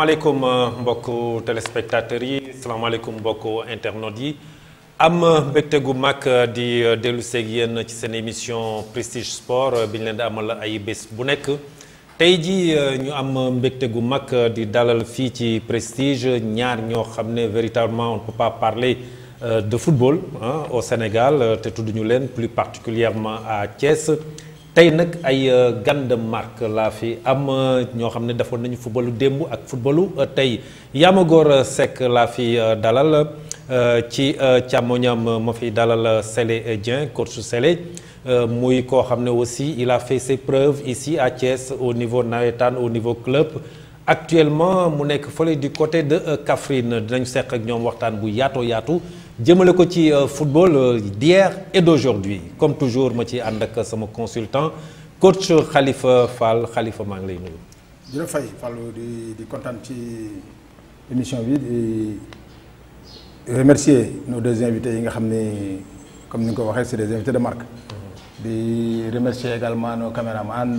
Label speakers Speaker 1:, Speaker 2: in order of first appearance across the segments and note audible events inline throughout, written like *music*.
Speaker 1: alaikum euh, beaucoup téléspectateurs salam alaikum beaucoup internautes am euh, euh, di émission prestige sport ay ñu am prestige ñaar véritablement on peut pas parler de football hein, au Sénégal tuddu ñu plus particulièrement à Thiès tay nak ay euh, gande marque fi am euh, ñoo xam ne defoon nañu footballu démb ak footballu euh, tay Yamagor sec la fi dalal ci càmmoñam mafi fi dalal Sélé Dieng course Sélé muy ko xam aussi il a fait ses preuves ici à Thiès au niveau nawetaan au niveau club actuellement mu suis du côté de euh, Kaffrine dinañ seq ak ñom waxtaan bu yato yaatu jëmele ko ci euh, football euh, d'hier et d'aujourd'hui comme toujours ma ci and ak sama consultant coach Khalifa Fall Khalifa maa ngi lay nuyu.
Speaker 2: dina fay fallu di di émission bi remercier nos deux invités comme ni nga ko c'est des invités de marque. Mm-hmm. di remercier également nos caméramans.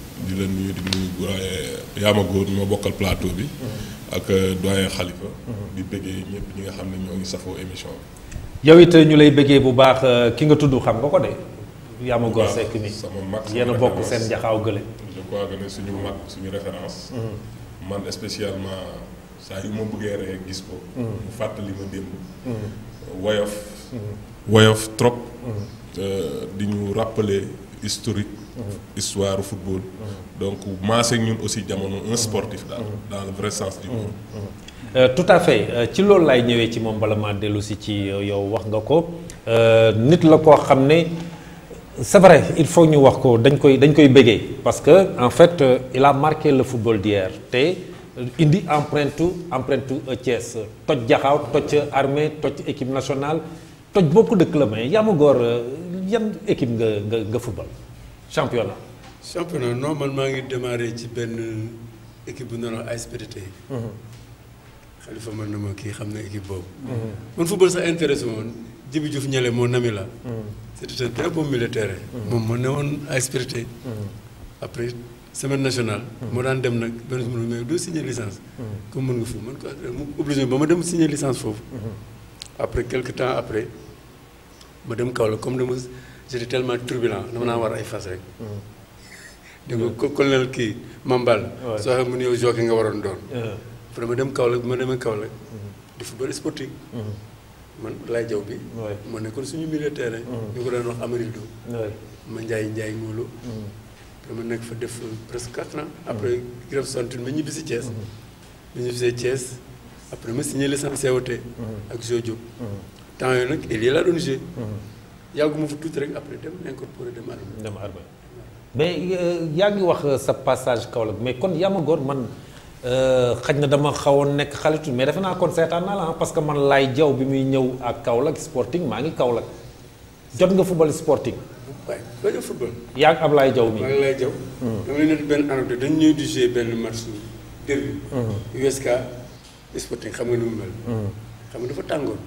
Speaker 3: di la nuyu di nuyu yaama góor ñoo bokkal plateau bi. Mm-hmm. ak euh, doyen Khalifa. Mm-hmm. di bëggee ñëpp ñi nga xam ne ñoo ngi safoo émission bi.
Speaker 1: yow it euh, ñu lay bëggee bu baax euh, ki nga tudd xam nga ko de.
Speaker 4: yaama góor sekk mi sama mag bokk seen jaxaaw gële.
Speaker 3: je crois que ne suñu mag suñu référence. Mm-hmm. man spécialement saa yu ma bëggee rek gis ko. mu fàttali ma démb. woyof. woyof trop. di ñu rappeler historique. histoire au football. donc c'est ñun aussi un sportif dans le vrai sens du mot.
Speaker 1: Euh, tout à fait euh, ci lool lay ñëwé ci mom bala ci euh, yow wax nga ko nit la c'est vrai il faut ñu wax ko dañ koy dañ koy parce que en fait il a marqué le football d'hier té indi empreinte empreinte Thiès toj jaxaw toj armée toj équipe nationale toj beaucoup de clubs Il y équipe
Speaker 5: nga nga football championnat. championnat normalement ngi démarré ci ben équipe bu ñu doon wax AS Pétété. Xalifa mhm. mën na ma kii xam équipe boobu. Mhm. man football ça intéressé woon Djibi Diouf Nialé moo nami la. hmm c'était un très bon militaire. mom mhm. mo ne aspirité hmm après semaine nationale. mo daan dem nak benn semaine mais doo signer licence. comme mën nga fi man ko obligé bama dem signer licence foofu. après quelques temps après ma dem Kaolack comme dama. c'était tellement turbulent dama naa war ay fas rek. Hmm. dégg nga colonel kii Mambal. waaw soo xam mun ne yow jockey nga waroon doon. Euh. ma dem Kaolack ma demee Kaolack. Hmm. di football sportif. Hmm. man lay jaw bi. waay moo nekkoon suñu milieu terrain. ñu ko doon wax Amarildo. waay ma Ndiaye Ndiaye Ngolo. ma nekk fa def presque quatre ans. après grève soixante-huit ma ñibbi si Thiès. ma ñibbi si Thiès après ma signé licence COT. ak Jo temps yooyu nag il y doon joué. yàgguma fa tuuti rek après dem incorporé dem armée. dem armée
Speaker 1: mais euh, yaa ngi wax euh, sa passage Kaolack mais kon Yamagor man euh, xaj na dama xawoon nekk xalitu mais defe naa kon seetaan naa la ah parce que man laay jaw bi muy ñëw ak Kaolack Sporting maa ngi Kaolack jot nga football Sporting.
Speaker 5: waaye ba football. yaa ngi Ablaye Diaw mi. maa ngi lay Diaw. Hmm. dama leen di benn anecdote dañu ñëw di jouer benn match derby. Hmm. USK Sporting xam nga ni mu mel. Hmm. xam nga dafa tàngoor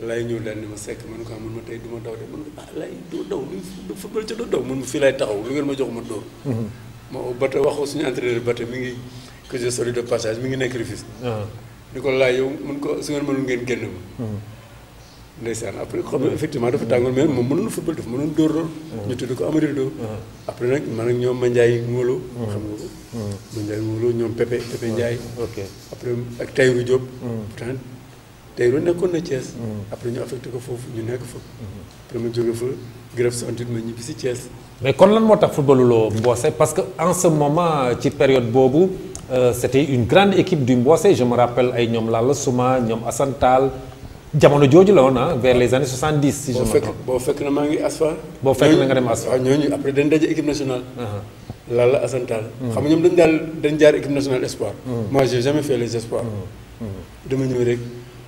Speaker 5: lay ñu daal ni ma sekk man ko man ma tay duma daw de man ko lay do daw do football ci do daw man fi lay taxaw lu ngeen ma jox ma do ma bata waxo suñu entraîneur bata mi ngi que je salue de passage mi ngi nek refis ni ko lay yow man ko su ngeen mënul ngeen genn ma ndaysan après comme effectivement dafa tangul mais moom mënul football dafa mënul dóor ñu tuddu ko amari do après nak man ak ñom ma ndjay ngóoloo xam nga ko ma njaay ngóoloo ñoom pepe pepe njaay après ak tayru job pourtant Tahirou nekkoon na Thiès. Mm-hmm. après ñu affecté ko fofu ñu nekk fa. Mm-hmm. après ma jóge fa grève sentit ma ñibbi si Thiès.
Speaker 1: mais kon lan moo tax footballuloo Mbossé parce que en ce moment ci période boobu euh, c'était une grande équipe du Mbossé je me rappelle ay ñoom Lalla Souma ñoom Assantal jamono jooju la woon ah vers les années 70. si je me trompe
Speaker 5: boo fekk na maa ngi Asfa. boo fekk na nga dem Asfa ñooñu après dañ daje équipe nationale. Uh-huh. Lalla Assantal mm-hmm. xam nga ñoom dañ daal dañ jaar équipe nationale espoir. moi j'ai jamais fait les espoirs. dama ñëw rek.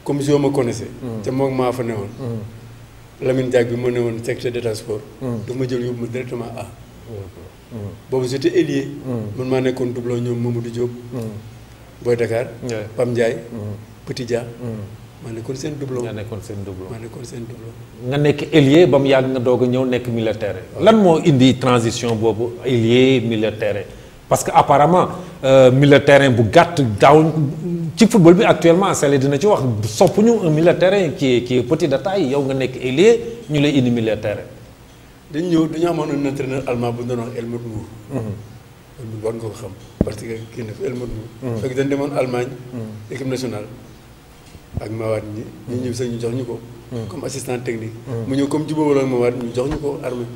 Speaker 5: comme je me connaissais. Mm. te moom maa fa newoon. Mm. lamin Diack bi ne woon secteur de sport. Mm. daf ma jël yóbbu ma directement A. boobu j'étais ailier. man maa nekkoon doublon ñoom Mamadou Diop. Boy Dakar. Pam Ndiaye. Petit Dia. maa nekkoon seen doublon nga nekkoon seen doublon maa nekkoon seen doublon. nga nekk
Speaker 1: ailier ba mu yàgg nga doog a ñëw nekk milieu terrain lan moo indi transition boobu ailier milieu terrain parce que apparemment euh, milieu terrain bu gàtt daawuñ ci football bi actuellement Sele dina ci wax soppuñu un milieu terrain kii kii qui est petit de taille yow nga nekk ailier ñu lay indi milieu terrain.
Speaker 5: dañ ñëw dañu amoon un entraîneur allemand bu ñu doon mhm. nga ko xam parce que kii na fi Helmut Moor. Mhm. fekk dañ demoon Allemagne. Mhm. équipe nationale ak Mawad ñi ñu ñëw ñu jox ñu ko. comme assistant technique. mu ñëw comme jubóo wala Mawad ñu jox ñu ko armée.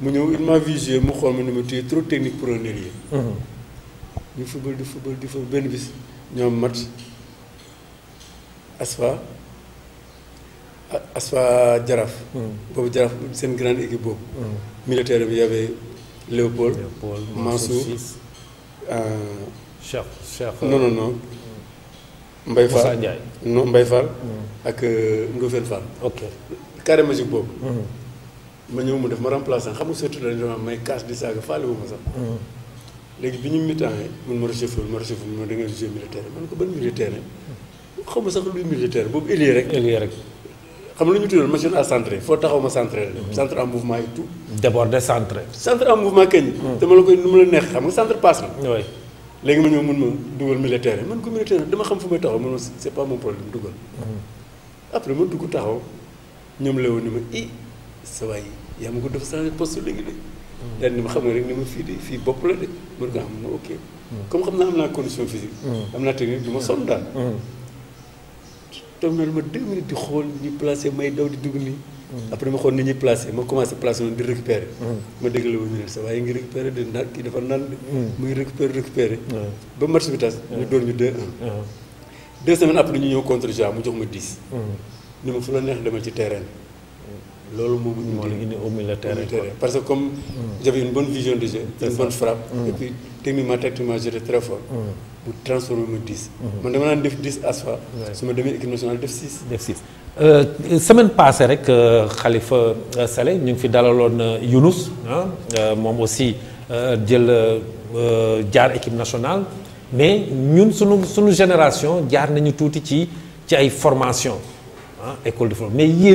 Speaker 5: mu ñëw il m'a visé, jouer mu xool ma ne ma tu trop technique pour un ailier. ñu mhm. football di football di football benn bis ñoom Aswa Asfa Asfa -hmm. boobu Jaraaf seen grande équipe boobu. Mhm. militaire il y avait Léopold. Léopold Euh, Cheikh Cheikh.
Speaker 4: non non non. Euh, Mbaye Fall Moussa Ndiaye. non Mbaye Fall.
Speaker 5: Mhm. ak euh, Ndofène Fall. ok carré magique -hmm. ma ñëw mu def ma remplaçant xam nga surtout dañu doon may casse mm. bi ñu mitaan mun ma rejeté ma rejeté ma da nga jugé xaw ma sax luy boobu élié rek. élié rek. xam lu ñu tuddee machine à centrer foo taxaw ma centrer la. Mm-hmm. centre en mouvement et tout. Mm. la koy nu mu la neex xam nga centre passe la. oui léegi ma ñëw mun dugal militaire man ko militaire dama xam fu may taxaw man ma c'est pas mon dugal.
Speaker 4: Mm-hmm.
Speaker 5: après ma dugg taxaw ñoom la woon ni i. sa waay yaa ma ko def changé poste léegi de. daal ni ma xam nga rek ni ma fii de fii bopp la de mën nga xam ne ok. Hmm. comme xam naa am naa condition physique. Hmm. am naa technique du ma sonn daal. toog na lu di xool ñuy placé may daw di dugg nii. Hmm. après ma xool ni ñuy placé ma commencé placé woon di récupérer. ma dégg la woon ñu ne sa waaye ngi récupérer de naan kii dafa naan de. mu ngi récupérer récupérer. ba match bi tas ñu door ñu de 1 deux semaines après ñu ñëw contre Jean mu jox ma 10. ni ma fu la neex demal ci terrain loolu moom moo ñu indi au militaire parce que comme mm. j'avais une bonne vision de jeu une bonne frappe mm. et puis techniquement tactiquement j'étais très fort mm. pour transformer mon 10 mon dama naan def 10 à soi je me demee équipe nationale def 6 def 6
Speaker 1: euh, semaine passée avec euh, Khalifa euh, Saleh ñu ngi fi dalaloon Yunus, ah moom aussi jël jaar équipe nationale mais ñun sunu une génération jaar nañu tuuti ci ci ay formation ah, école de formation mais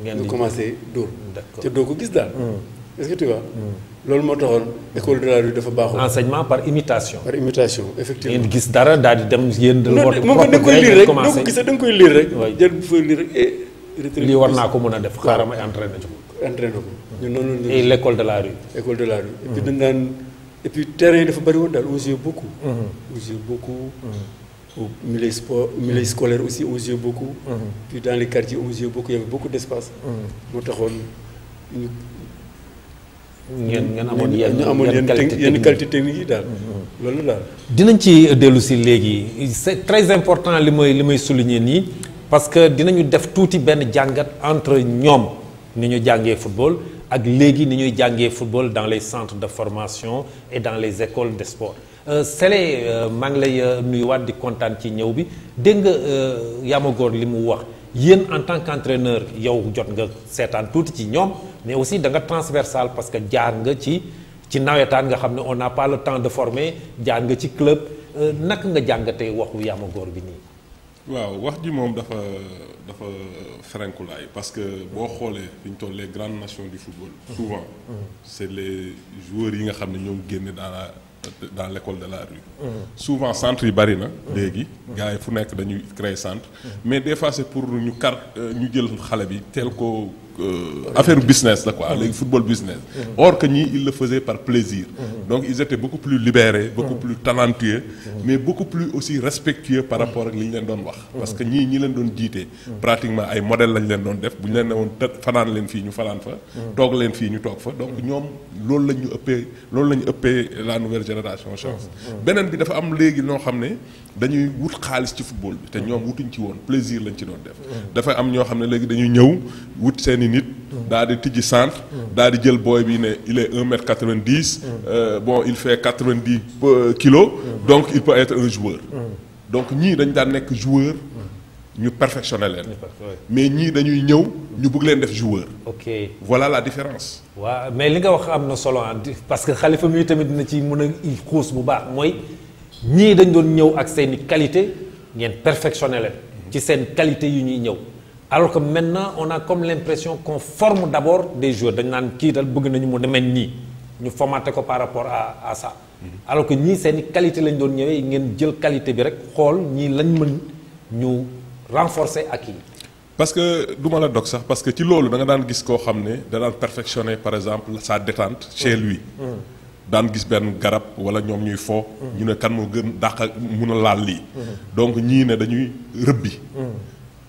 Speaker 5: ngeen commencé dóor. te doo ko gis daal. Hmm. est hmm. loolu moo taxoon école de la rue dafa baaxul. enseignement par imitation. par imitation effectivement. ngeen gis dara daal di dem yéen. moom da nga koy lire rek doo ko gis da koy lii rek. jël bu fay lire rek et. lii war naa ko mun a def xaaral ma entraîné ko. entraîné ko ñun l'école de la rue. école de la rue. et puis hmm. dañ daan yi dafa bari woon daal on jouait beaucoup. on jouait beaucoup. au milieu, sport, milieu scolaire aussi, aux yeux beaucoup. Mm-hmm. Puis dans les quartiers, aux yeux beaucoup, il y avait beaucoup d'espace. Mm-hmm. moo taxoon ñu.
Speaker 4: ngeen amoon yenn ñu amoon
Speaker 5: yenn qualité technique yi daal. Mm-hmm. loolu daal.
Speaker 1: dinañ ci dellu c'est très important li may li may souligner nii parce que dinañu def tuuti benn jàngat entre ñoom ni ñu jàngee football ak léegi ni ñuy football dans les centres de formation et dans les écoles de sport. Euh, Sélé euh, maa ngi nuy euh, nuyuwaat di kontaan ci ñëw bi dégg nga Yamagor li mu wax yéen en tant entreneur yow jot nga seetaan tuuti ci ñoom mais aussi da nga transversal parce que jaar nga ci ci nawetaan nga xam ne on n'a par le temps de former jaar nga ci club naka nga jàngatee waxu Yamagor bi nii.
Speaker 3: waaw wax ji moom dafa dafa ferenkulaay parce que boo xoolee fi ñu toll les grandes nations du football. souvent mm-hmm. c'est les joueurs yi nga xam ne ñoom génn dans dans l'école de la rue. souvent centre est barré, il y gars yi gens qui dañuy créer centre. mais des fois c'est pour ñu kar euh, ñu jël xale bi tel ko euh, affaire business là, quoi léegi football business or que nous, ils le faisaient par plaisir donc ils étaient beaucoup plus libérés beaucoup plus talentueux mais beaucoup plus aussi respectueux par rapport ak li ñu leen doon wax parce que nous, ñi leen dit jiite pratiquement ay modèle lañ leen avons def nous avons leen ne woon fanaan leen nous ñu fait fa toog leen fii ñu fa donc nous avons fait ñu ëppee loolu la ñu la nouvelle génération chance beneen bi dafa am léegi nous xam dañuy wut xaliss ci football bi té ñom wutuñ ci won plaisir lañ ci doon def dafa am ño xamné légui dañuy ñëw wut seen seeni nit daal di centre daal di jël boy bi né il est 1m90. Euh, bon il fait 90 kg euh, kilos donc il peut être un joueur donc ñi dañ da nek joueur ñu perfectionner leen mais ñi dañuy ñëw ñu bëgg leen def joueur ok voilà la différence
Speaker 1: wa mais li nga wax amna solo parce que khalifa mi tamit dina ci mëna a xuus bu baax moy ñi dañ doon ñëw ak seen qualité ngeen perfectionner leen ci seen qualité yu ñuy ñëw alors que maintenant on a comme l'impression qu'on forme d'abord des joueurs dañ naan kii dal bëgg nañu ñu formaté ko par rapport à à ça mhm. alors que ñii seeni qualité lañ doon ñëwee ngeen jël qualité bi rek xool ñii lañ mën ñu renforcer ak yi
Speaker 3: parce que duma la dog sax parce que ci loolu da nga daan gis koo xam daan perfectionner par exemple sa détente chez lui mhm. Mhm. daan gis ben garab wala ñom ñuy fo ñu ne kan mo gën dàq mëna laal donc ñi ne dañuy rebbi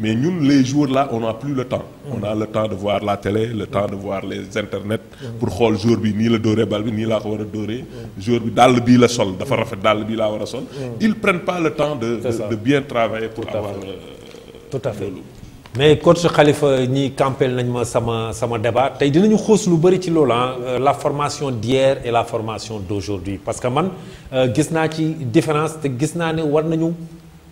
Speaker 3: Mais nous, les jours-là, on n'a plus le temps. On mm. a le temps de voir la télé, le temps de voir les internets mm. pour voir le jour, ni le doré, ni la doré, le mm. jour, dans le sol, dans le sol. Ils ne prennent pas le temps de, de, bien travailler pour avoir. À euh, Tout à fait.
Speaker 1: mais coach Khalifa ñi campel nañ ma sama sama débat tey dinañu xoos lu bëri ci loolu hein. euh, la formation d'hier et la formation d'aujourd'hui parce que man euh, gis naa ci différence te gis naa ne war nañu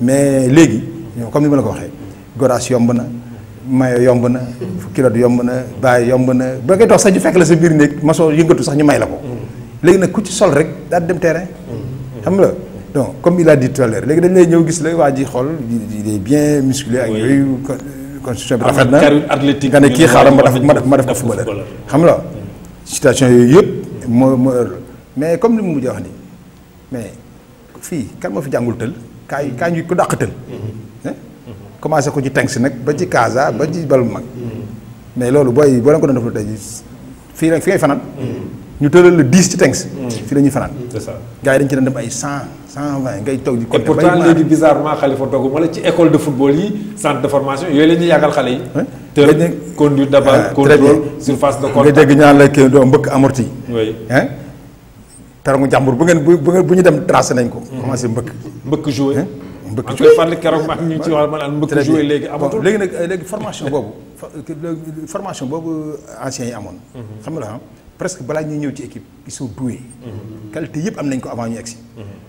Speaker 2: mais léegi comme ni ma la ko waxee godaas yomb na mayo yomb na kilo yomb na bàyyi yomb na ba ngay toog sax ñu fekk la sa biir néeg ma soo yëngatu sax ñu may la ko léegi nag ku ci sol rek daal dem terrain xam nga donc comme il a dit tout à l'heure léegi dañ lay ñëw gis la waa ji xool il est bien musclé ak yooyu constitution bi rafet na nga ne kii xaaral ma def ma def ma def ko footballeur xam nga situation yooyu yëpp moo moo mais comme li mu mujj wax ni mais fii kan moo fi jàngul tël kaay kaay ñu ko dàqatal. Eh? commencé ko ci tanks nag ba ci Casa ba ci bal mag. mais loolu booy boo leen ko doon defal tey fii rek fi ngay fanaan. ñu ci tanks. fii la ñuy fanaan. c'est ça gars yi dañu ci doon dem ay 100 120 ngay toog di. côté bay léegi
Speaker 1: bizarrement Khalifa togg ma la ci école de football yi centre de formation yooyu la ñuy yàggal xale yi. Eh? tëral conduite de balle eh, contrôle surface de contact. nga dégg ñaan
Speaker 2: la kii doo mbëkk amorti. oui. terangu jàmbur bu ngeen bu bu ñu dem tracé nañ ko. commencé mbëkk. mbëkk joué ah, mbëkk joué man keroog ma ñu ci léegi amatul léegi nag léegi formation boobu euh, formation boobu anciens yi amoon. Mhm. xam nga presque balaa ñuy ñëw ci équipe ils sont doués. Mhm. qualité yëpp am nañ ko avant ñu egsi
Speaker 4: mhm.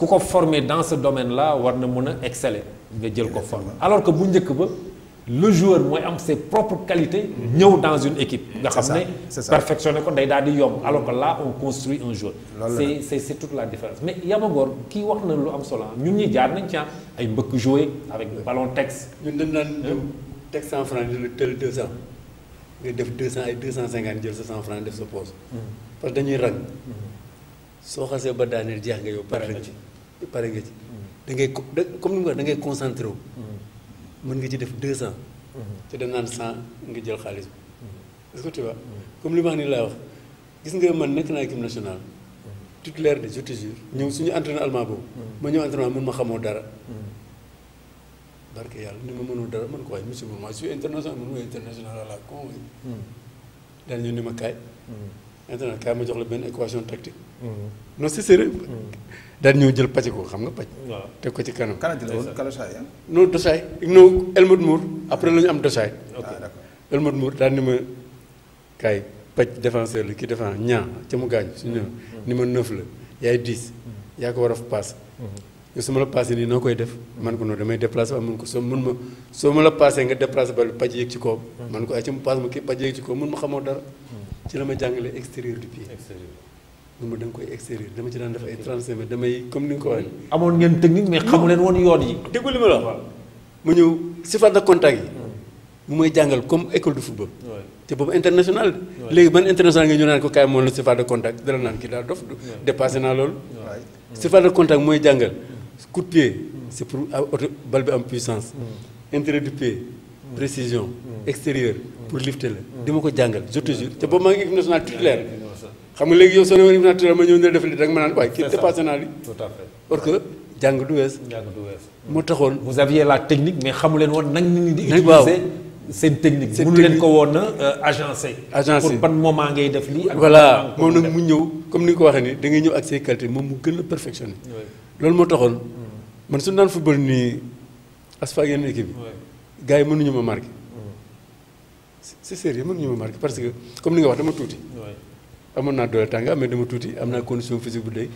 Speaker 1: ku ko former dans ce domaine là war na mën exceller nga jël ko former alors que bu ñëk ba le joueur moy am ses propres qualités ñëw dans une équipe nga xamné perfectionner ko day daal di yomb alors que là on construit un joueur c'est c'est c'est toute la différence mais Yamagor
Speaker 5: ki wax na lu am solo ñun ñi jaar nañ ci ah, ay mbëkk jouer avec ballon texte ñun dañ naan hein? texte cent francs dina tël 2 ans nga def deux cent ay deux jël sa francs def ce poste hmm. parce que dañuy rang hmm. so xasse ba daaneel jeex nga yow pare ci pare nga ci da ngay comme ni mu ko da ngay concentré wu mën nga ci def deux cent te da naan cent nga jël xaalis bi est ce que tu vois comme li ma ni laa wax gis nga man nekk naa équipe nationale titulaire de je te jure ñëw suñu entraîneur allemand boobu ma ñëw entraînement mun ma xamoo dara barke yàlla ni ma mënoo dara man ko waaye monsieur ma je suis international mun mooy international la con daal ñu ni ma kaay hmm. international kaay ma jox la benn équation tactique hmm no c' est sérieux daal ñëw jël pàcc ko xam nga pàcc. waaw ko ci kanam. Kan kala jël kala ah? say no do say no Elmod Mour après lañu ñu am dosaay. ok ah, Elmod Mour dañ ni ma kay pàcc défenseur li ki défend ña ci mu gañ su ñu mm-hmm. ni ma neuf la yaay 10 mm-hmm. ya ko wara a yo mm-hmm. yow la passé ni nokoy def man ko no damay déplacer ba ko so mun ma so ma la passé nga déplacer ba pàcc yek ci ko man ko ay ci mu paas ma ki pàcc yek ci ko mun ma xamoo dara. ci la ma jàngalee extérieur du pied. extérieur. nu ma da nga koy extérieur dama ci daan def ay 35 mètres damay comme ni nga ko waxee. amoon ngeen technique mais xamu leen yoon yi. déggu li ma mu ñëw surface de contact yi. Hmm. mu may jàngal comme école de football. te international. léegi ban international nga ñu ko kaay moom la surface de contact dala naan kii daal dof. dépassé naa loolu. surface de contact mooy jàngal. Hmm. coup de pied. c' est pour auto bal bi am puissance. Hmm. intérieur du pied. précision. extérieur pour lifter la. di ma ko jàngal je te jure te boobu maa ngi équipe nationale titulaire. xam nga léegi yow soo demee naturel ma ñëw ne def li rek ma naan waaye kii dépassé naa li tout
Speaker 1: que jàng du wees jàng du wees moo taxoon vous aviez la technique mais xamu leen woon nag ni technique
Speaker 5: mënu leen ko woon na euh, agencé agencé pour ban moment ngay def lii voilà moom nag mu ñëw comme ni nga ko waxee ni da ngay ñëw ak say qualité moom mu gën a perfectionné loolu moo taxoon mm. man suñu daan football nii asfa yenn équipe bi gars yi mënuñu ma marqué mm. c'est sérieux mënuñu ma marqué parce que comme ni nga wax dama tuuti amoon naa doole mais dama touti amna condition physique bu dey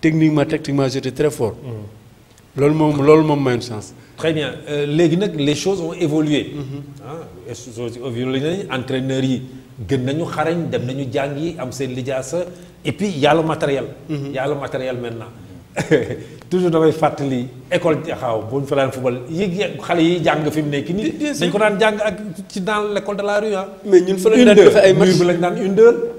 Speaker 5: techniquement tactiquement j'étais très fort. Mm. loolu mom loolu mom may chance. très bien euh, légui nak les choses
Speaker 1: ont évolué. hein mm-hmm. ah, évolué nañu entraîneurs yi gën nañu xarañ dem nañu jàng yi am sen lijaasa et puis y a le matériel. Mm-hmm. y a le matériel maintenant. *laughs* toujours damay fatali école xaw bu ñu fa daan fubal yi xale yi jàng fi mu nekk nii. dañ ko daan jang ak ci dans l'école de la rue hein mais ñun fa lañ daan def ay match une lañ daan une heure.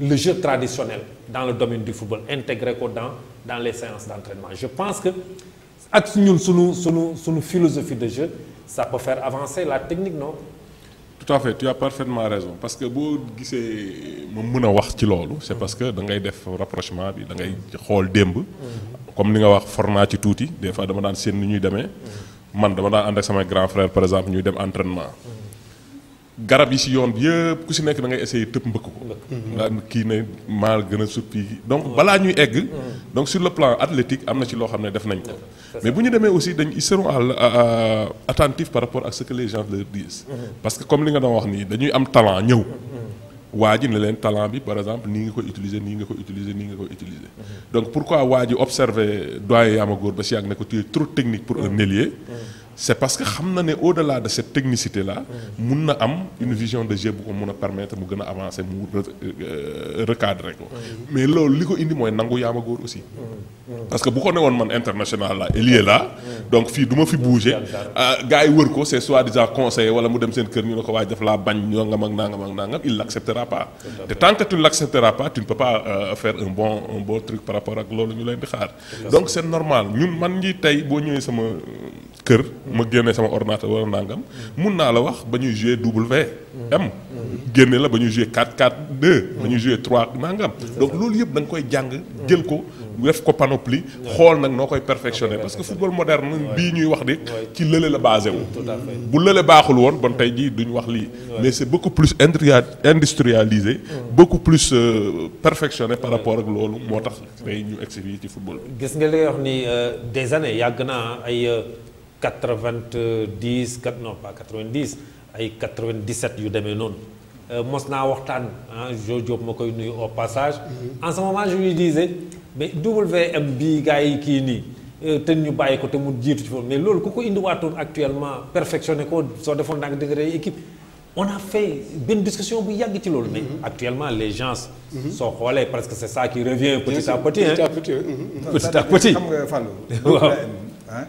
Speaker 1: le jeu traditionnel dans le domaine du football intégré dans dans les séances d'entraînement je pense que ak philosophie de jeu ça peut faire avancer la
Speaker 3: technique non. tout à fait tu as parfaitement raison parce que ma c'est parce que da ngay un rapprochement bi da ngay comme nous nga format des fois dama avons grand frère par exemple garab yi si yoon bi ku si nekk da ngay essayer tëb mbëkk ko. nga kii ne maa gën a suppi donc balaa ñuy egg. Mm. donc sur le plan athlétique am na ci loo xam ne def nañ ko. Mm. mais bu ñu demee aussi dañ ils seront attentifs par ak ce que les gens leur mm. li nga doon wax nii dañuy am talent ñëw. waa ji ne leen talent bi par exemple nii nga ko utiliser nii nga ko utiliser nii nga ko utiliser. donc pourquoi waa ji observer doyen Yamagor ba si yàgg ne ko tu es trop technique pour un ailier. c'est parce que xamna né au-delà de cette technicité là mun na am une vision de jeu pour ko permettre mu gëna avancer mu euh, recadrer mais lool liko indi moy nangu yaama aussi parce que bu ko newoon man international la ailier là donc fi duma fi bouger euh, gaay wër ko c'est soit déjà conseiller wala mu dem sen kër ñu ne ko waaye la laa bañ nga mag nangam ak nangam il l'acceptera pas te tant que tu l'accepteras pas tu ne peux pas euh, faire un bon un bon truc par rapport à loolu ñu lay di xaar donc c'est normal ñun man ñi tay bo ñëwé sama kër ma génne sama ordinateur wala nangam mun na la wax ba ñuy jouer double V M génne la ba ñuy jouer 4 4 2 ba ñuy jouer 3 nangam donc lool yeb da koy jang mm. jël ko def ko panoplie xol nak nokoy perfectionner parce que football moderne bi ñuy wax di ci lele la basé wu bu lele baxul won bon tay ji duñ wax li mais c'est beaucoup plus industrialisé mm. beaucoup plus euh, perfectionné par rapport ak loolu motax tax ñu egsi ci football
Speaker 1: bi gis nga lay wax ni euh, des années yagna ay euh, 90 non pas 90 ay 97 yu y non euh, mos naa waxtaan ah nuyu au passage. Mm-hmm. en ce moment je lui disais mais WM bi gars yi kii nii. Euh, te ñu bayiko te mu jitu ci fo mais loolu ku ko indiwaatoon actuellement perfectionné ko so defoon ndànk degré équipe on a fait une discussion bu y ci mais mm-hmm. actuellement les gens. Mm-hmm. sont collés parce que c'est ça qui revient. Hein. petit à petit petit à petit. petit à
Speaker 2: petit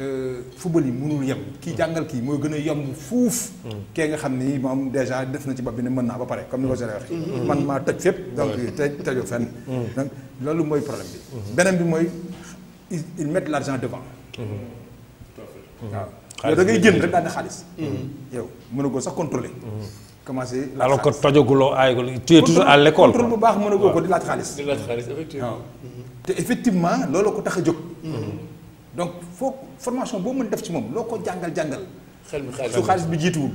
Speaker 2: Euh, football yi mënul yem. kii jàngal kii mooy gën a yomb fuuf. Hmm. kee nga xam ni moom déjà def na ci bopp bi ne mën naa ba pare comme ni ko Jalle waxee. Hmm. man maa toj fépp. donc te tëjoo fenn. Hmm. donc loolu mooy problème bi. beneen bi mooy ils mettent l' argent devant. waaw yow da ngay génn rek daal xaalis. yow mën a ko sax contrôler. commencé la alors que
Speaker 1: ko tu es toujours bu
Speaker 2: baax mën a ko di laaj xaalis.
Speaker 5: di laaj
Speaker 2: te effectivement loolu ko tax a jóg. donc foo formation boo mën def ci moom loo ko jàngal jàngal. xel mi xel su xaalis bi jiituwul.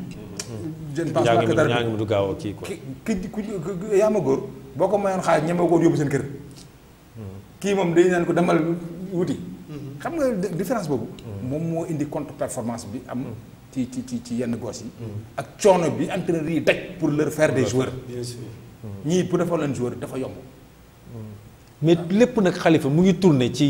Speaker 1: je ne pense pas que dara du gaaw a kii quoi.
Speaker 2: ki ki ma góor boo ko mayoon xaalis ñeme ko yóbbu seen kër. kii moom dañu naan ko demal wuti. xam nga différence boobu. moom moo indi contre performance bi am. ci ci ci ci yenn gos yi. ak coono bi entraîneur yi daj pour leur fair de joueurs. bien sûr ñii pour defal leen joueur dafa yomb.
Speaker 1: mais lépp nag xalifa mu ngi tourné ci.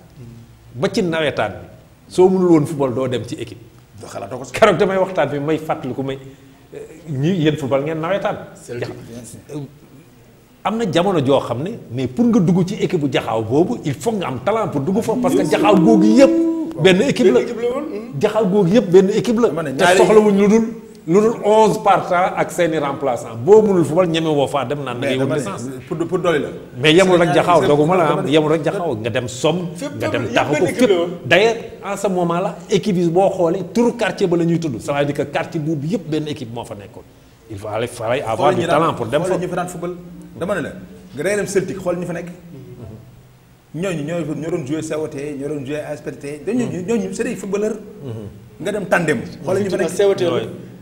Speaker 1: ba ci nawetaan bi soo mënul woon football doo dem ci équipe. doo xalaatoo ko keroog damay waxtaan bi may fàttaliku may eh, ñi yéen football ngeen nawetaan. am na jamono joo xam ne mais pour nga dugg ci équipe bu jaxaaw boobu il faut nga am talent pour dugg fa parce que jaxaaw googu yëpp. benn équipe la benn équipe la woon hmm. jaxaaw googu yëpp benn équipe la. te soxlawuñ lu dul. lu dul onze partants ak seeni remplaçant boobu mënul football ñeme woo faa dem naan da ngay wut licence
Speaker 2: pour pour doy la
Speaker 5: mais yemul rek jaxaaw
Speaker 1: dooguma la am yemul rek jaxaaw nga dem Somme nga dem taxu ko boo xoolee turu quartier ba la ñuy tudd ça veut yëpp benn équipe moo fa nekkoon il fallait fallait avoir du talent ñu
Speaker 2: fa nekk ñooñu ñooy ñoo doon joué COT ñoo doon joué ASPT ñooñu ñooñu c'est des mhm.
Speaker 4: nga dem tandem xool ñu fa nekk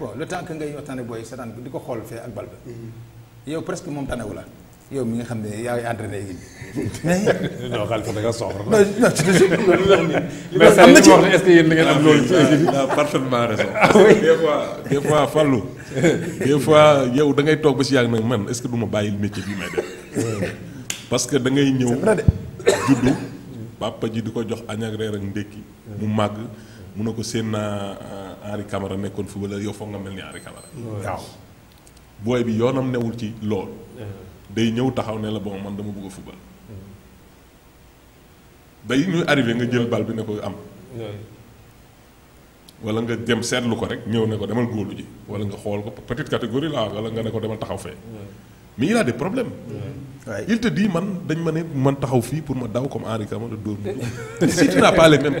Speaker 2: bon le temps que ngay waxtane boy seetaan diko xol fe ak balbe mm-hmm. yow presque mom tane wala yow mi nga xamné ya ay entraîné yi bi.
Speaker 4: *laughs* non Khalifa da nga soxla. non non c' est *laughs* mais am na ci est ce que yéen da ngeen am loolu ci équipe bi. parfaitement raison. Ah des fois des fois fallu *laughs* des fois
Speaker 3: yow da ngay tok ba ci yag nak man est ce que du métier bi may def. Eh. parce que da ngay ñew juddu papa ji diko jox agnak ak reer mu mag mu nako sen Henri Camara nekkoon footballeur yow foog nga mel ni Henri Camara. waaw booy bi yoonam newul ci loolu. day ñëw taxaw ne la bon man dama bugg a football. day ñuy arrivé nga jël bal bi ne ko am. wala nga dem seetlu ko rek ñëw ne ko demal góolu ji wala nga xool ko petite catégorie la wala nga ne ko demal taxaw fee. mais il a des problèmes. Ouais. te dit man dañ ma ne man taxaw fii pour ma daw comme Henri Camara dóor mu. *laughs* si tu n'as pas les mêmes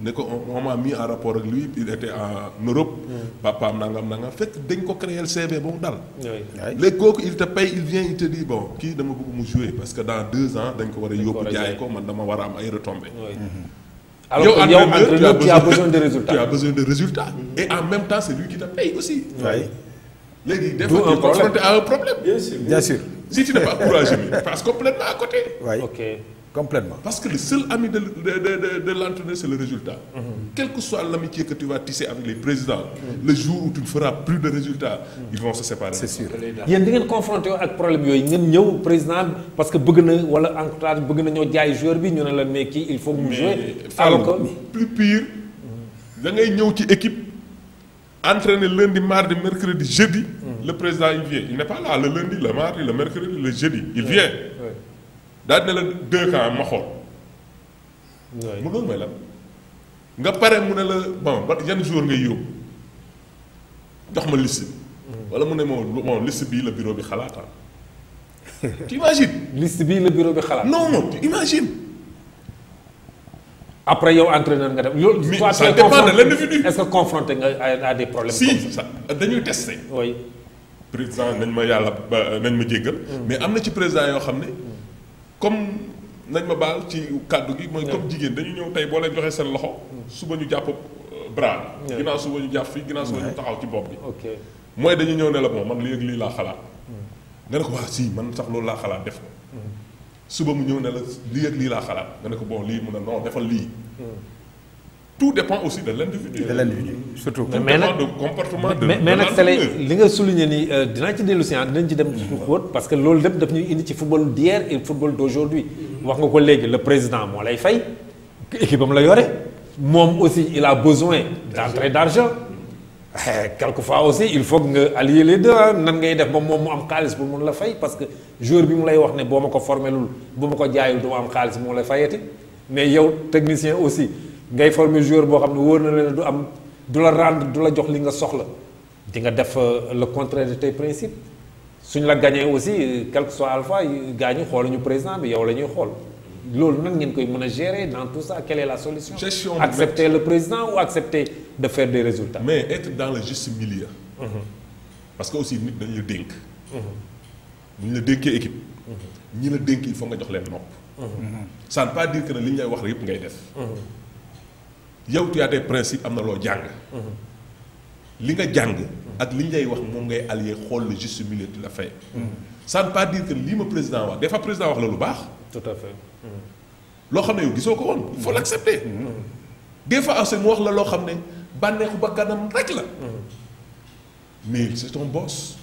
Speaker 3: ne ko on m'a mis en rapport avec lui il était en Europe. Mm. papa nangam nangam fekk dañ ko créer CV bon mu dal. les kooku il te paye il vient il te dit bon qui dama bëgg mu jouer parce que dans deux ans dañ ko war a yóbbu jaay ko man dama war a am ay retombées. Mm-hmm. alors tu as besoin de *laughs* résultats tu as besoin de résultats. Mm-hmm. et en même temps c'est lui qui te paye aussi. léegi des fois tu es confronté à un problème. bien sûr bien sûr. si tu n'es pas courageux il passe complètement à côté. ok. Complètement. Parce que le seul ami de, de, de, de l'entraîneur, c'est le résultat. Mhm. Quelle que soit l'amitié que tu vas tisser avec les présidents, le jour où tu ne feras plus de résultats, mhm. ils vont se séparer. C'est sûr. Il y a des confrontés avec le problème.
Speaker 1: Il y a président parce que bëgg na wala joueur bi ñu ne mec, il
Speaker 3: faut jouer alors plus pire da ngay ñëw ci équipe entraîner lundi mardi mercredi jeudi mhm. le président il vient il n'est pas là le lundi le mardi le mercredi le jeudi il vient daal ne la deux camps ma xool. mu loolu mooy lan nga pare mu ne la bon ba yan jour ngay yóbbu jox ma liste bi. Mm. wala mu ne moom list liste bii la bureau bi xalaata tu imagines. liste bii la bureau bi xalaat. non non tu imagines. après yow entraîneur nga dem loolu. mais ça dépend de l'individu est-ce que dañuy testé. oui. président nañ ma yàlla ba nañ ma jéggal. Mm. mais am na ci président yoo xam ne. Mm. comme nañ ma baal ci kàddu gi mooy comme jigéen dañu ñëw tey boo leen joxee seen loxo mm. suba ñu jàpp euh, bras bi ginnaaw suba ñu jàpp fii ginnaaw suba ñu taxaw ci bopp bi mooy dañu ñëw ne la bon man lii ak lii laa xalaat mm. nga ne ko waa si man sax loolu laa xalaat def ko mm. suba mu ñëw ne la lii ak lii laa xalaat nga ne ko bon lii mun a non defal lii tout dépend aussi de l'individu. de l'individu surtout. Tout mais comportement de mais nak Sélé
Speaker 1: li nga souligné nii euh, dinaa ci dellu si dina ci dem suñu parce que loolu lepp daf ñuy indi ci football d'hier et football d'aujourd'hui wax nga ko légui le président mo lay fay équipe am la yoré mom aussi il a besoin d'entrée d'argent eh, quelquefois aussi il faut que nga allier les deux ah, nan ngay def ba moom mu am xaalis pour mun la fay parce que joueur bi mu lay wax ne boma ko formé lul buma ko jaayul du am xaalis mu lay fayati mais yow technicien aussi ngay former joueur boo xam ne wóor na leen du am du la rendre du la jox li nga soxla di nga def euh, le contraire de tes principes suñ la gagné aussi euh, quel que soit alpha gaañu xooluñu président bi yow la ñuy xool loolu nan ngeen koy mën a gérer dans tout ça quelle est la solution accepter le
Speaker 3: président ou accepter de faire des résultats mais être dans le juste milieu mhm. parce que aussi nit dañ la dénk mhm. bu ñu la dénkee équipe mhm. ñi la dénk il faut nga jox leen nopp ça ne pas dire que ne li ñu lay wax rek yëpp ngay def yow tu as des principes amna lo jang li nga jang ak li ñu wax mom ngay allier xool le juste milieu de la fin. ça ne pas dire que lii président wax des fois président wax la lu bax tout à fait. lo xamné ne yow gisoo ko il faut l'accepter. des fois aussi mu wax la lo xamné ne bakanam rek la. mais c'est ton boss.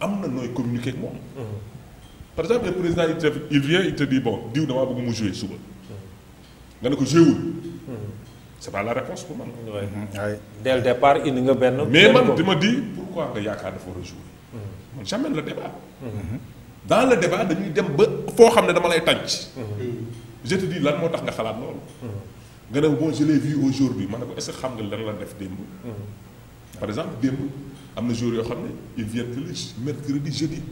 Speaker 3: amna noy communiquer ak mom par exemple le président il vient il te dit bon diou dama bëgg mu jouer suba. nga ne ko joué c'est pas la réponse pour man. Mhm. dès le départ indi a benn. mais man me dis, pourquoi nga yaakaar dafa war a jouer. Mhm. man j'amène le débat. Mhm. dans le débat dañuy dem ba foo xam ne dama lay tànc. je te dis pourquoi moo tax nga xalaat loolu. bon je l'ai vu aujourd'hui est-ce que xam nga lan la def démb. par exemple Dembou amna jour yo xamné Il vient ils viennent que le mercredi jeudi.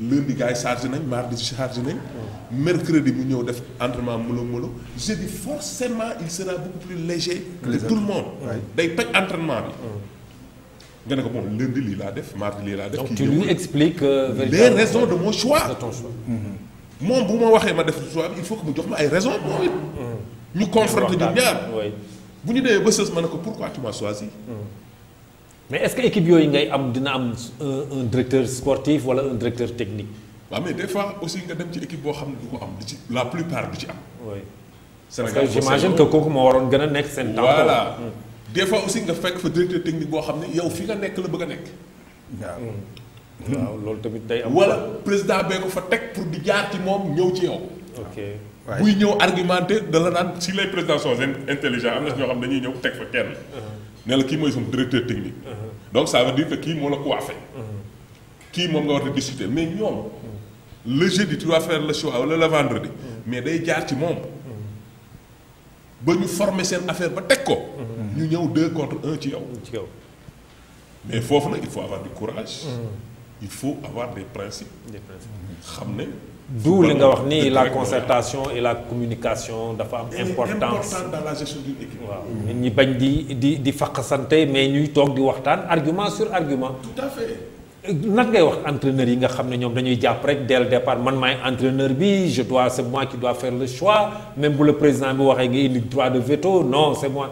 Speaker 3: Mhm. lundi gars chargé nañ mardi chargé nañ. mercredi mu ñëw def entraînement molo molo jeudi forcément il sera beaucoup plus léger. que tout le monde. day toj entraînement bi. nga ko bon lundi li la def mardi li la def. donc tu lui expliques euh, les raisons de mon choix. de ton choix.
Speaker 4: Mhm.
Speaker 3: moom bu ma ma def choix il faut que mu jox ma ay raisons moom it. Mhm. ñu confronter ñun ñaar. bu ñu déwé ba sës ko pourquoi tu m'as choisi.
Speaker 1: mais est-ce que équipe yooyu ngay am dina am euh, un directeur sportif wala un directeur technique.
Speaker 3: waaw mais des fois aussi nga dem ci équipe boo xam ne du ko am du ci la plupart du ci am. oui Sénégal parce que kooku moo waroon gën a nekk seen. temps hmm. des fois aussi nga fekk fa directeur technique boo xam ne yow fi nga nekk la bëgg a nekk.
Speaker 4: Hmm. Hmm. waaw. loolu tamit day am. wala
Speaker 3: président bee ko fa teg pour di jaar ci moom ñëw ci yow.
Speaker 4: ok buy ñëw
Speaker 3: argumenté dala naan si les présidents sont intelligents am na ñoo xam dañuy ñëw teg fa kenn. ne la qui mooy suñu directeur technique. donc ça veut dire que qui moo la coiffé. Qui moom nga war a discuter mais ñoom. le jeudi tu vas faire le choix wala le vendredi. mais day jaar ci moom. ba ñu former cette affaire ba teg ko. ñu deux contre un ci yow. mais foofu il faut avoir du courage. Mm. il faut avoir des principes. des
Speaker 1: principes d'où li la concertation et la communication dafa C'est importance dans la gestion d'une équipe pas ñi bañ di di di santé mais ñuy di argument sur argument
Speaker 3: tout à fait
Speaker 1: nan ngay wax entraîneur yi nga après dañuy dès le départ man maay entraîneur je dois c'est moi qui dois faire le choix même pour le président bi il a le droit de veto non c'est moi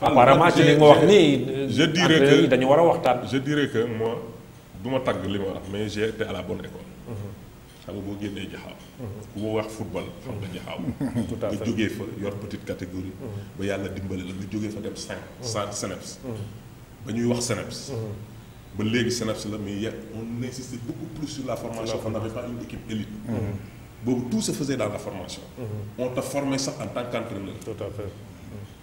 Speaker 1: apparemment je dirais que
Speaker 3: je dirais que moi je ne li mais j'ai été à la bonne école mhm. xam nga boo génnee jaxaaw mhm. ku ma wax *laughs* fa yor petite catégorie mhm. mhm. ñuy wax seneps ba léegi seneps la ya on insistait la formation on n'avait pas une équipe élite boobu tout se faisait dans la formation on te formait sax en tant qu'entraîneur tout à fait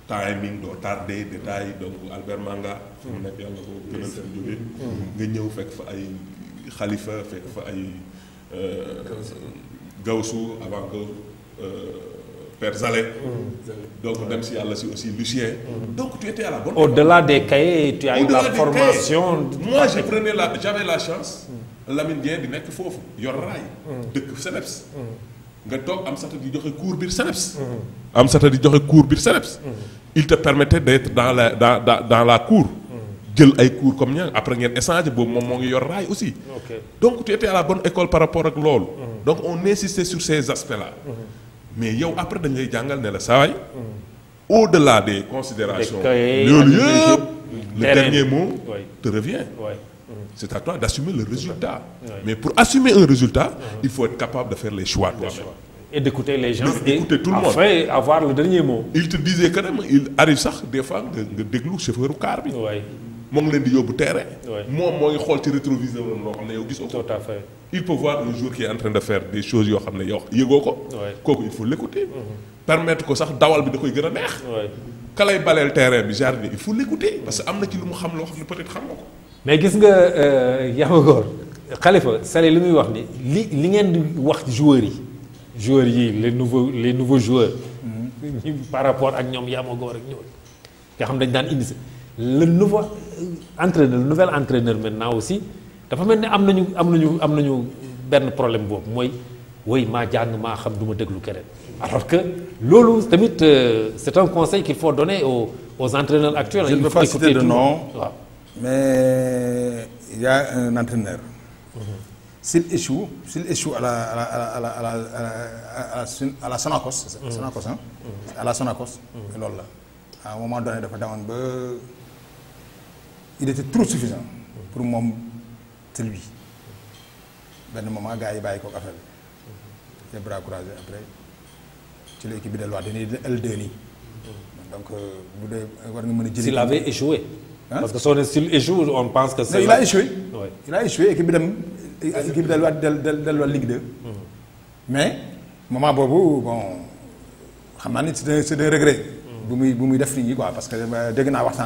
Speaker 3: timing doo tardé détail donc Albert Manga fu nekk yàlla ko gënal fi mu nga ñëw fekk fa ay xalifa fekk fa ay Euh, Gaussou avant que euh, Père Zalé. Mm. donc même si elle si aussi Lucien. Mm. donc tu étais à la bonne. au-delà des cahiers tu as eu la formation. moi j'avais la chance. Mm. Lamine Gueye di nekk foofu yor raay. dëkk Seneps. nga am joxe cours il te permettait d'être dans la dans dans la cour jël ay cours comme ça, après ngeen échanger boobu moom ngi yor raay aussi. donc tu étais à la bonne école par rapport à loolu. Mm-hmm. donc on insistait sur ces aspects là.
Speaker 4: Mm-hmm.
Speaker 3: mais yow après dañ lay jàngal la
Speaker 4: mm-hmm.
Speaker 3: au delà des considérations le dernier mot te revient. c'est à toi d'assumer le résultat. mais pour assumer un résultat. il faut être capable de faire les choix toi-même. et d'écouter les gens. d'écouter tout le monde afin avoir le dernier mot. il te disait quand même, il arrive ça, des fois des déglu chauffeur car bi moo ngi leen di yóbbu terrain. moom moo ngi xool ci rétroviseur on est xam ne yow tout à fait il peut voir le joueur qui est en train de faire des choses yo xam ne yow yëgoo ko. kooku il faut l'écouter. Mm-hmm. permettre ko sax dawal bi da koy gën a neex. ka lay terrain bi jardin il faut l'écouter parce que am na ci lu mu xam ne peut-être xam nga ko. mais gis nga euh, Yamagor Khalifa Salé li muy wax ni li
Speaker 1: du ngeen di wax yi yi les nouveaux les nouveaux joueurs.
Speaker 4: Mm-hmm.
Speaker 1: *laughs* par rapport ak Nyom Yamagor ak ñoom nga xam dañ indi le nouveau euh, entraîneur le nouvel entraîneur maintenant aussi dafa mel ni am nañu am nañu am nañu benn problème boobu mooy woy maa jàng maa xam du ma déglu keneen alors que lolo, tamit euh, c'est un conseil qu'il faut donner aux aux entraîneurs actuels. je ne veux pas citer de nom
Speaker 4: waaw
Speaker 2: mais il y a un entraîneur. Mhm. s'il échoue s'il échoue à la à la à la à la à la à la Sonacos. Sonacos ah. à la Sonacos. loolu là, à un moment donné dafa demoon ba il était trop suffisant pour moi, c'est lui benn moment gars yi bàyyi ko affaire bi les bras croisés après ci la équipe bi de dañuy L2 donc vous euh, dee euh, war nga mën a s'il avait échoué Hein? Parce que son
Speaker 1: style échoue, on pense
Speaker 2: que c'est. Il a échoué. Ouais. Il a échoué, équipe de, de, la, de, de, de la Ligue 2. Mm -hmm. Mais, moment Bobo, bon, c'est un, un regret. Mm -hmm. Parce que dès que je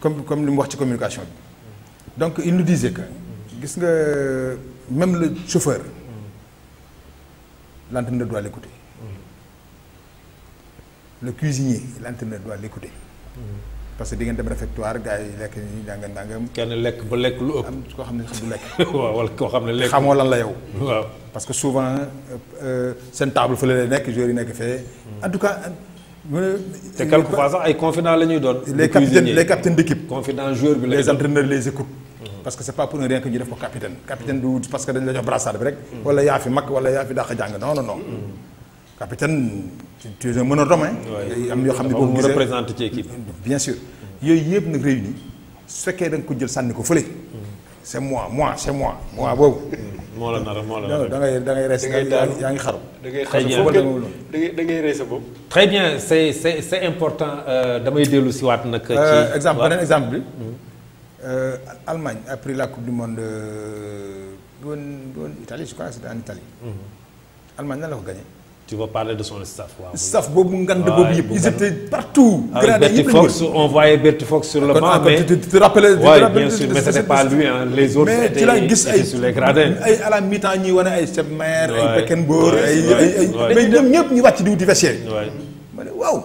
Speaker 2: comme comme li mu wax ci communication donc il nous disait que gis nga même le chauffeur l'entraîneur doit l'écouter le cuisinier l'entraîneur doit l'écouter parce que di ngeen dem réfectoire gars yi lekk ñi danga danga kenn lekk ba lekk lu ëpp am koo xam ne xam du lekk *laughs* waaw wala koo xam ne lekk xamoo lan la yow waaw parce que souvent euh, euh, seen table fële lay nekk joueurs yi nekk fee en tout cas c'est quelques fois ay les capitaines les capitaines d'équipe. joueurs, les entraîneurs les écoutent. parce que n'est pas pour rien que je pour capitaine. capitaine parce que la brassard non non non. capitaine tu es un hein. Il bien sûr réuni c'est moi moi c'est moi moi très
Speaker 1: bien c'est important
Speaker 2: euh, d'améliorer
Speaker 1: euh, le exemple exemple
Speaker 2: euh, Allemagne a pris la coupe du monde Italie je crois en Italie. Mhm. Allemagne a gagné. Tu vas parler de son staff. Wow. Staff, ouais, ils étaient partout. Fox,
Speaker 1: on voyait Bertie Fox sur le banc. Tu te, rappelles, sûr, mais ce n'était pas lui. Hein. Les autres étaient, sur les gradins.
Speaker 2: Ay, à la mi-temps, ils étaient ay Chebmer, ay Beckenbauer. Mais ils étaient tous les vestiaires. Waouh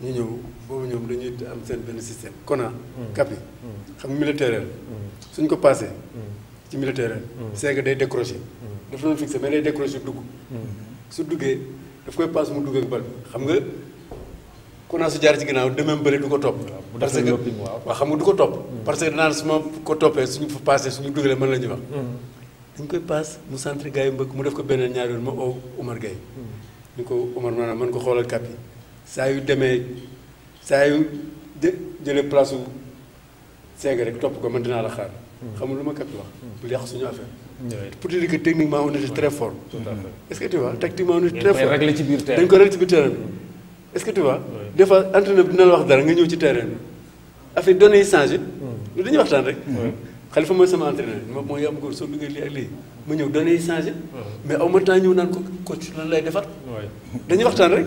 Speaker 5: ñu ñëw boobu ñoom dañuy am seen benn système kona mm. kapi mm. xam militaire mm. suñ ko passé ci militaire seega day décroché daf doon fixé mais day décroché dugg su duggee daf koy passe mu dugg ak bal xam nga kona su jaar ci ginnaaw demee bëri du ko topp parce que waaw xam nga du ko topp parce que danaan su ma ko toppee suñu fa passé suñu dugalee mën la ñuy wax dañ koy passe mu centre gars yi mbëkk mu def ko beneen ñaar yoon ma oo Omar Gueye ñu ko Omar maanaam mën ko xoolal kapi saa yu demee saa yu jë jëlee place su Seng rek topp ko man dinaa la xaar. Hmm. xam nga lu ma kat wax. Hmm. bu yàq suñu affaire. Hmm. pour te dire que techniquement on était très fort. est ce que tu vois tactiquement on était très fort dañ ci biir terrain dañ ko réglé ci biir terrain bi. est ce que tu vois. des fois bi dina la wax dara nga ñëw ci terrain bi. affaire yi changé. lu dañuy waxtaan rek. Khalifa mooy sama entraîneur moom mooy am góor soo liggéey lii ak lii mu ñëw données yi changé. mais aw ma temps ñëw naan ko coach lan lay defar. dañuy waxtaan rek.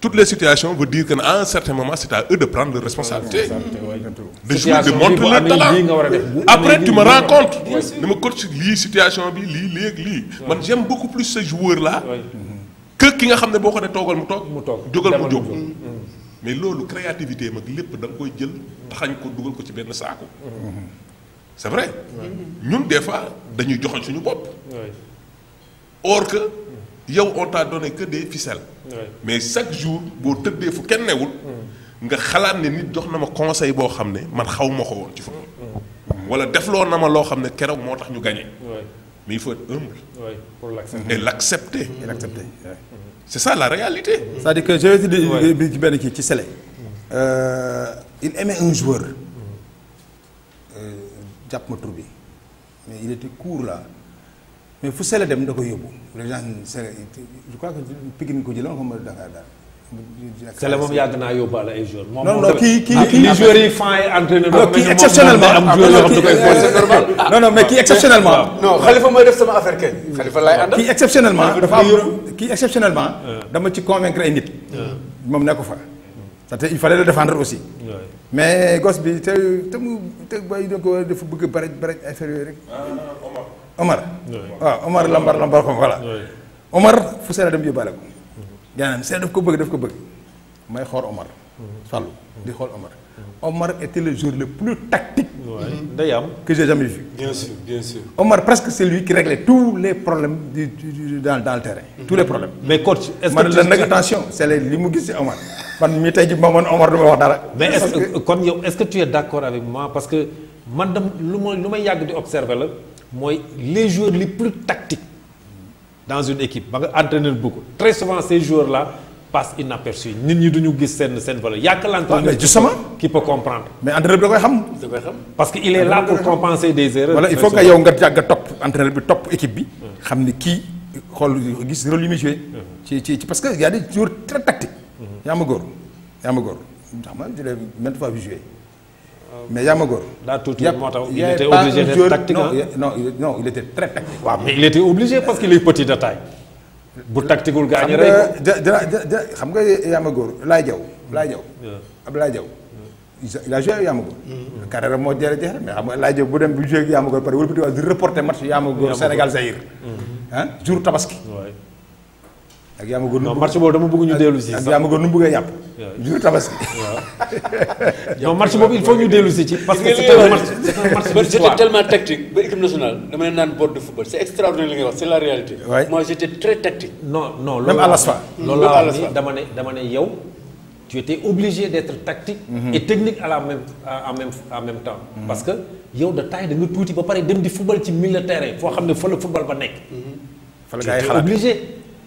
Speaker 3: toutes les situations veut dire qu'à un certain moment, c'est à eux de prendre leurs responsabilités, de
Speaker 2: jouer, de montrer leur talent. Après, tu me rends
Speaker 3: compte. Je me coach, situations, situation, li, li, li. Moi, j'aime beaucoup plus ce joueur-là mm-hmm. que qui n'a pas de beaucoup de togol mu tog, jogal, mu mm-hmm. Mais créativité, mag lip, d'un coup, il taxagne ko dugal ko ci ben C'est vrai. Nous, des fois, dañuy joxon suñu bop. Or que yow on t'a donné que des ficelles. mais chaque jour bo tëddee fu kenn newul. Mm. nga xalaat ne nit jox na ma conseil bo xamné man xaw ma ko woon ci
Speaker 4: football.
Speaker 3: wala defloo na ma lo xamné kéro keroog tax ñu gagné. mais il faut être humble.
Speaker 4: pour l'accepter et l'accepter. et l'accepter mm-hmm.
Speaker 3: c'est ça la réalité. ça à dire que j'ai vais
Speaker 2: bi ci ben ci ci Sélé. Euh, il aimait un joueur. Mm-hmm. euh jàpp ma tur bi mais il était court là mais fu Sélé dem da ko yóbbu. résidence Sele je crois que Pikine ko jëloon xam nga Dakar daal. Sele moom yàgg naa yóbbaale
Speaker 1: ay joueurs. moom moom tamit ah kii joueurs yi fan yi entraîneur.
Speaker 2: non kii exceptionnellement ah, am joueurs yoo ne koy non mais kii exceptionnellement. non xalifa
Speaker 5: mooy def sama kii
Speaker 2: exceptionnellement dafa am kii exceptionnellement. dama ci convaincre ay nit. moom nekku fa. c'est-à-dire il fallait le défendre aussi. mais gos bi te te mu te bàyyi da ko dafa bëgg a bëri bëri affaire yooyu rek. Ah, Omar. waaw Omar lambar lambar ko voilà. Omar fu seera dem yóbbaale ko. yaanaam seet daf ko bëgg daf ko bëgg may xool Omar. Fallou di xool Omar. Omar était le joueur le plus tactique. Ouais. que j'ai jamais
Speaker 4: vu. Bien sûr, bien sûr.
Speaker 2: Omar, presque c'est lui qui réglait tous les problèmes du, du, du, dans, dans, le terrain. Mm -hmm. Tous les problèmes. Mais coach, est-ce que. Tu dis... attention, c'est les c'est Omar. Omar Mais est-ce que,
Speaker 1: est que tu es d'accord avec moi Parce que, madame, ce que je observé, moi les joueurs les plus tactiques dans une équipe parce entraîneur beaucoup très souvent ces joueurs là passent inaperçus ni ñi duñu gis Il n'y a que l'entraîneur justement qui peut comprendre mais entraîneur bi da parce qu'il est là pour compenser des erreurs voilà il faut que y
Speaker 2: nga un top top entraîneur bi top équipe bi xam ni qui gis rôle parce que y a des joueurs très tactiques Il y a des y a fois jouer mais Yamagor. là tout il était obligé d'être tactique non hein. non il était très tactique. mais il était obligé parce qu'il est petit de taille. bu tactiqueul Yamagor il a joué à Yamagor. Mm-hmm. carrière mais il vous avez joué à Yamagor Il a reporté match Yamagor Sénégal Zahir.
Speaker 4: Mm-hmm.
Speaker 2: Hein, jour tabaski a
Speaker 1: il faut ñu délouser parce que c'était un j'étais
Speaker 5: tellement tactique nationale de football c'est extraordinaire c'est la réalité. moi j'étais très tactique. non non même à la
Speaker 1: tu étais obligé d'être tactique. Mhm. et technique à la même en même même temps. Mhm. parce que yow de taille de nga ba dem di football ci militaire. le football ba
Speaker 4: mhm.
Speaker 1: obligé.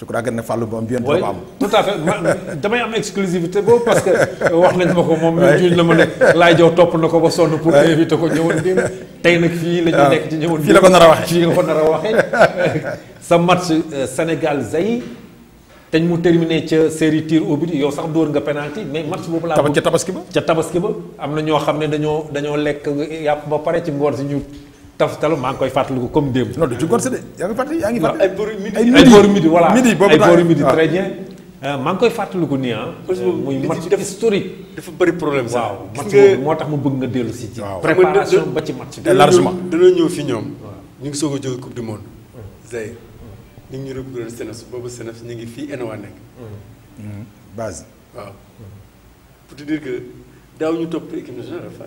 Speaker 2: je crois que ne Fallou moom bientôt ba am.
Speaker 1: tout à fait damay boobu parce que euh, wax nañ ma ko moom. waaw juñ la ma ne laay jow ko ba sonn pour invité ko ñëwoon démb. tey nag fii la ñu ah. nekk ci la ko nar a waxee fii la ko nar a waxee. *laughs* sa match euh, Sénégal Zaïre te mu terminé ca série tir au yow sax dóor nga penalty mais match boobu laa. ca tabaski ba ca tabaski ba. am na ñoo xam ne dañoo dañoo lekk yàpp ba pare ci ngoor si ñu. taf talu maa ngi koy fàttaliku comme démb. non du ci gorsi de yaa ngi fàttali yaa ngi ay boori midi ay boori midi voilà midi boobu ay boori midi ah. très bien. Euh, maa ngi koy fàttaliku nii ah. Euh, muy match historique. dafa bëri problème sax. waaw match boobu moo tax ma bëgg nga dellu si. ci préparation
Speaker 5: ba ci match bi. largement dañoo ñëw fi ñoom. ñu ngi soog a jóge coupe du monde. Mm. Zaire ñu ngi ñu recruter Sénégal boobu Sénégal ñu ngi fii Enewa nekk. Mm.
Speaker 2: Mm. base.
Speaker 5: waaw pour dire que daaw ñu topp équipe nationale dafa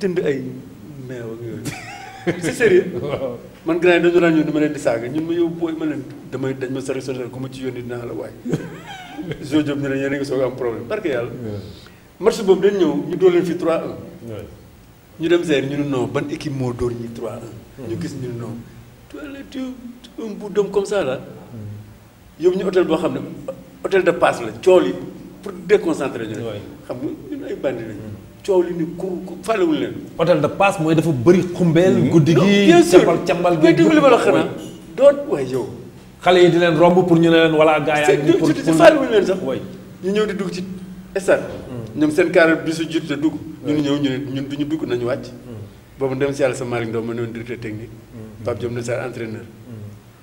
Speaker 5: dënd ay meew ak yooyu c'est sérieux man grand dañu daan ñëw dama leen di saaga ñun ma yow booy ma leen damay dañ ma sori sori ku ma ci yónni dinaa la waay jo job ñu ne yéen a ngi soog am problème parce que yàlla match boobu dañ ñëw ñu dóor leen fi 3-1 ñu dem seer ñu ne non ban équipe moo door ñi 3-1 mm. ñu gis ñu ne non tu un bout d'homme comme ça là mm. yóbbu ñu hôtel boo xam ne hôtel de passe la cool yi pour déconcentrer ñu rek xam nga ñun ay bandi lañu mm. coow li ni ku faalewul leen. hôtel
Speaker 1: de passe mooy dafa bëri xumbeel. Mm-hmm. guddi gii càmbal cambal gi déglu ma la xanaa
Speaker 5: doot waay yow.
Speaker 1: xale yi di leen romb pour ñu ne leen wala gaa yaa ngi. pour pour
Speaker 5: faalewul leen sax waay. ñu ñëw di dugg ci stade. Mm. ñoom seen carré bi su jot a dugg. Mm. ñun ñëw ñu ñun du ñu dugg nañu wàcc. Mm. boobu dem si sa Malick Ndao ma ne woon directeur technique. Pape Diop ne sa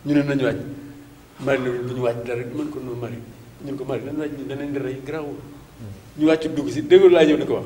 Speaker 5: ñu ne nañu wàcc. Malick Ndao du ñu wàcc mën ko noonu Malick ñun ko Malick nañu wàcc ñu danañ di rey garaawul. ñu wàcc dugg si déglu laa ñëw di ko wax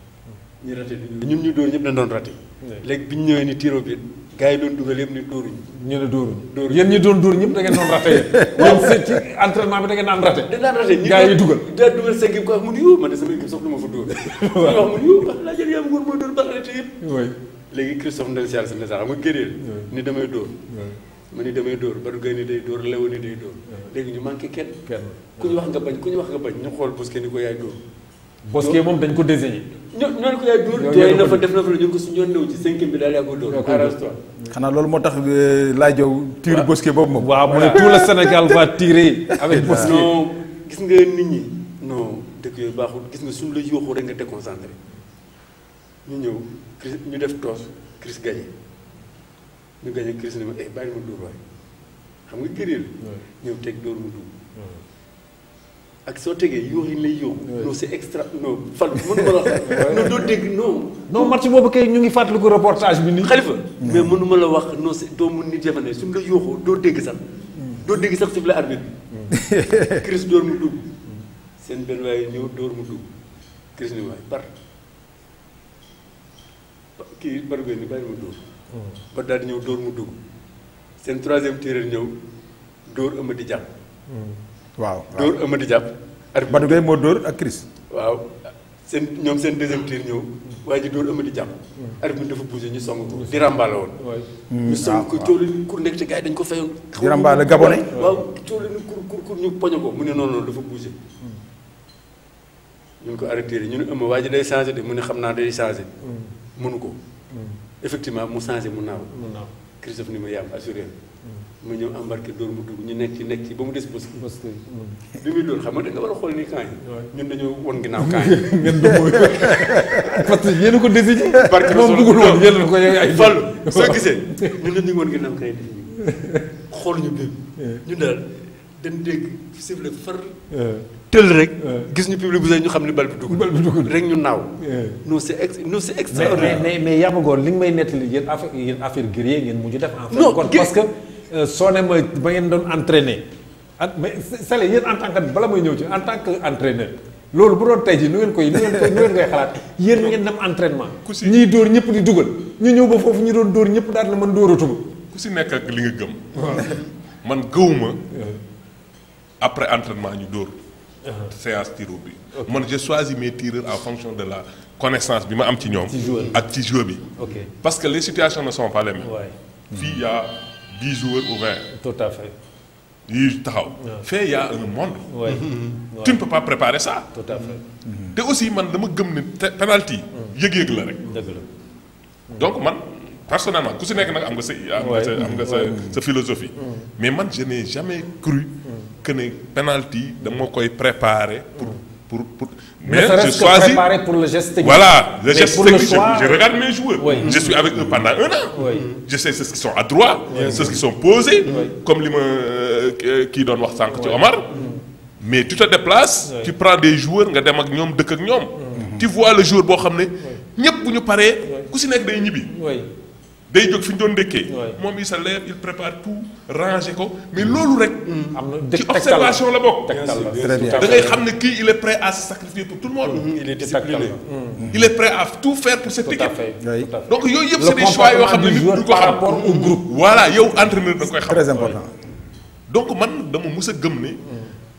Speaker 5: ñu raté bi ñun ñu dóor ñëpp dañ doon raté. léegi bi ñu ñëwee ni tiro bi gars yi doon dugal yëpp ni dóoruñ. ñu ne dóoruñ. dóoruñ dóor ñëpp da ngeen doon raté yéen. waaw *laughs* yéen ci entraînement bi da ngeen daan raté. da daan raté gars yi dugal. da dugal sa équipe ko wax mu ne yow ma fa *laughs* dóor. ba raté yëpp. oui léegi Christophe Ndel Sial sa ndeysaan xam nga gëréel ñu manqué kenn ku ñu wax nga bañ ku ñu wax nga bañ ñu xool bus ke ni ko yaay dóor Bosquet moom dañ ko désigné. ñoo ñoo ko yaay dóor jooy na fa def na fa ñu ko su ñoo néew ci cinquième bi daal yaa ko dóor.
Speaker 2: xanaa loolu moo tax laa jow tiir boobu moom. waaw mu ne tout le Sénégal va tirer.
Speaker 5: avec Bosquet gis nga nit ñi. non dëkk baaxul gis nga suñu la yooxoo rek nga déconcentré ñu ñëw Chris ñu def toos Chris gagné ñu gagné ma eh bàyyi ma dóor xam nga gëreel ñëw teg dóor mu dugg. ak soo tegee yoo yi lay yow. non c'est extra non fan mënu ma la wax. *laughs* non doo dégg non. non match boobu kay ñu ngi fàttaliku reportage bi nii. xalifa mais mënu ma la wax noo si doo mun nit jafe su mu la yooxoo doo dégg sax. Mm. doo dégg sax sifflet arbitre bi. Mm. *laughs* Chris door mu dugg. seen benn waay ñëw door mu dugg. Chris ni par kii mm. daal di ñëw door mu dugg. seen troisième tireur ñëw door ëmb di jàpp. waaw dóor Amady Diab. arbitre Badou Gueye moo dóor ak Chris. waaw seen ñoom seen deuxième tir ñëw waaye ji dóor Amady Diab. Hmm. arbitre dafa bougé ñu song ko di rambaale woon.
Speaker 4: Hmm, ñu song ko coolu
Speaker 5: kur dañ ko fayoon. di rambaale gaboné waaw coolu kur ñu poñe ko mu ne noonu noonu dafa bougé. Hmm. ñu ko arrêté ñu ne ëmb waa ji day changé de mu ne xam naa day changé. mënu ko. effectivement mu changé mu naaw. Christophe ni ma yaam assuré mm. ma ñëw embarqué dóor mu dugg ñu nekk ci nekk ci ba mu des bës. bës mm. bi muy dóor xam nga da war a xool ni camp yi. ñun dañoo won ginnaaw camp *laughs* yi. *laughs* parce que fal soo gisee ñun dañu won ginnaaw camp yi *laughs* xool ñu béy. ñu daal dañ dégg sifflet far.
Speaker 4: tël rek. gis ñu public bu ñu xam ni bal bi dugg.
Speaker 5: bal bi dugg rek ñu naaw. non c' ex non c' est extraordinaire. mais mais mais li may nettali yéen
Speaker 1: affaire yéen affaire guerrier ngeen mujj def. en fait kon parce euh, ba ngeen doon entraîner. ak ah, mais Sallé yéen en tant que bala may ñëw ci en tant que entraîneur. loolu bu doon tey jii nu ngeen koy nu ngeen koy nu ngeen koy xalaat yéen ngeen dem entraînement.
Speaker 3: ku si ñiy dóor ñëpp di dugal. ñu ñëw ba foofu ñu doon dóor ñëpp daal na mën dóoratuma. ku si nekk ak li nga gëm. man gëwuma après entraînement ñu dóor séance tiro bi man j'ai choisi mes tireurs en fonction de la connaissance bi ma am ci ak parce que les situations ne sont pas les mêmes il y a 10 joueurs ou 20 tout à fait Il taxaw il y a un monde
Speaker 4: mhm.
Speaker 3: tu ne peux pas préparer ça tout à fait mhm. Et aussi Je man dama gëm ne penalty yëg-yëg la rek donc man personnellement ku si sa sa philosophie mm. mais moi, je n'ai jamais cru mm. que les penalty dama koy préparer pour mm. pour pour mais je choisis pour le geste technique voilà le geste technique je, regarde mes joueurs je suis avec eux pendant un an je sais ceux qui sont à droite ce ceux qui sont posés comme li ma euh, donne wax Omar mais tu te déplaces tu prends des joueurs nga dem ak ñom deuk ak ñom tu vois le jour bo xamné ñepp ñëpp bu ñu paree ku si day ñibi day jóg fi doon ndékkee moom il se lève il prépare tout ranger ko mais loolu rek mm. ci observation la bokk da ngay xam ne kii il est prêt à se sacrifier pour tout le monde mm-hmm. il est discipliné mm. Mm. il est prêt à tout faire pour cette équipe donc yooyu yëpp c'est des choix yoo xam ne nit du ko xam voilà yow entraîneur da koy xam très important donc man dama mës a gëm ne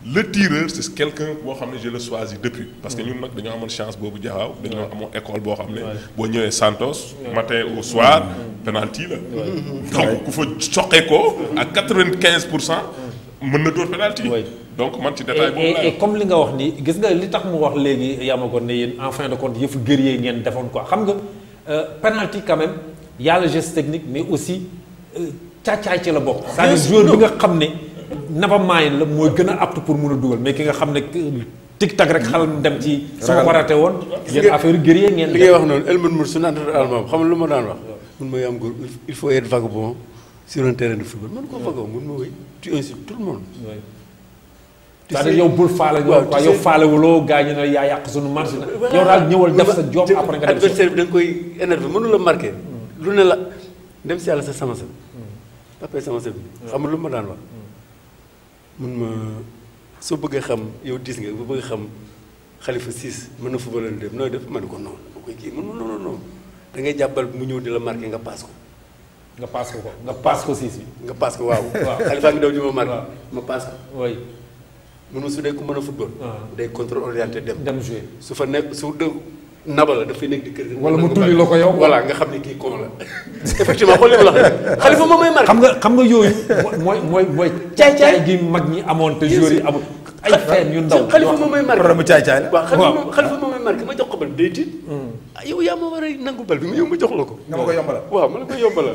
Speaker 3: le tireur c'est quelqu'un boo xam ne je le choisis depuis parce que ñun nag dañoo amoon chance boobu jaxaaw dañoo amoon école boo xam ne boo Santos matin ou soir penalty la donc ku fa soqee ko à 95% vingt quinze na dóor penalty donc man ci détail boobu laa comme li nga wax nii gis nga li tax mu wax léegi yaa ma
Speaker 1: en fin de compte yëfu guerrier ngeen defoon quoi xam nga euh, penalty quand même y a le geste technique mais aussi euh, caacaay ci la bokk c'est-à-dire joueur bi nga xam never la mooy gën a apte pour mun a dugal mais ki nga xam ne tic tac rek xalam dem ci. sama warate woon. yéen affaire guerrier
Speaker 5: ngeen. li ngay wax noonu Helmut Marko su naan almaam xam ma daan wax. mun ma yaam góor il faut être vagabond sur un terrain de football man koo vagabond mun ma wéy tu tout le monde.
Speaker 1: yàq suñu marché na. yow daal ñëwal def sa job après nga dem adversaire
Speaker 5: bi da hmm. la dem si sa sama sa. après sama lu ma daan wax. Hmm. mun ma soo bëggee xam yow diis nga bu bëgg xam xalifa siis mën na footballeur dem nooy def ma ne ko non ma koy kii mun ma non non da ngay jàppal mu ñëw di la marqué nga paas ko. nga paas ko nga paas ko siis bi. nga paas ko waaw. *laughs* waaw xalifa ngi daw ñu ma marqué. ma paas ko oui. mun ma su dee ku mën a football. Ah. day contrôle orienté dem. dem jouer su fa nekk su dëgg. naba la dafay nekk di kër wala mu tulli la ko yow. voilà nga xam ne kii kon la.
Speaker 1: effectivement xool li ma la wax xalifa moom mooy marqué. xam nga xam nga yooyu. mooy mooy mooy. caay caay gi mag ñi amoon te joueurs yi amul. ay fenn yu ndaw xalifa moom mooy marqué problème mu caay caay la. waaw
Speaker 5: xalifa moom mooy ma jox ko bal day tiit. Hmm. Ah, yow yaa ma war a nangu bal bi mu yow ma jox la ko. nga ma ko yombalal waaw ma la ko yombalal.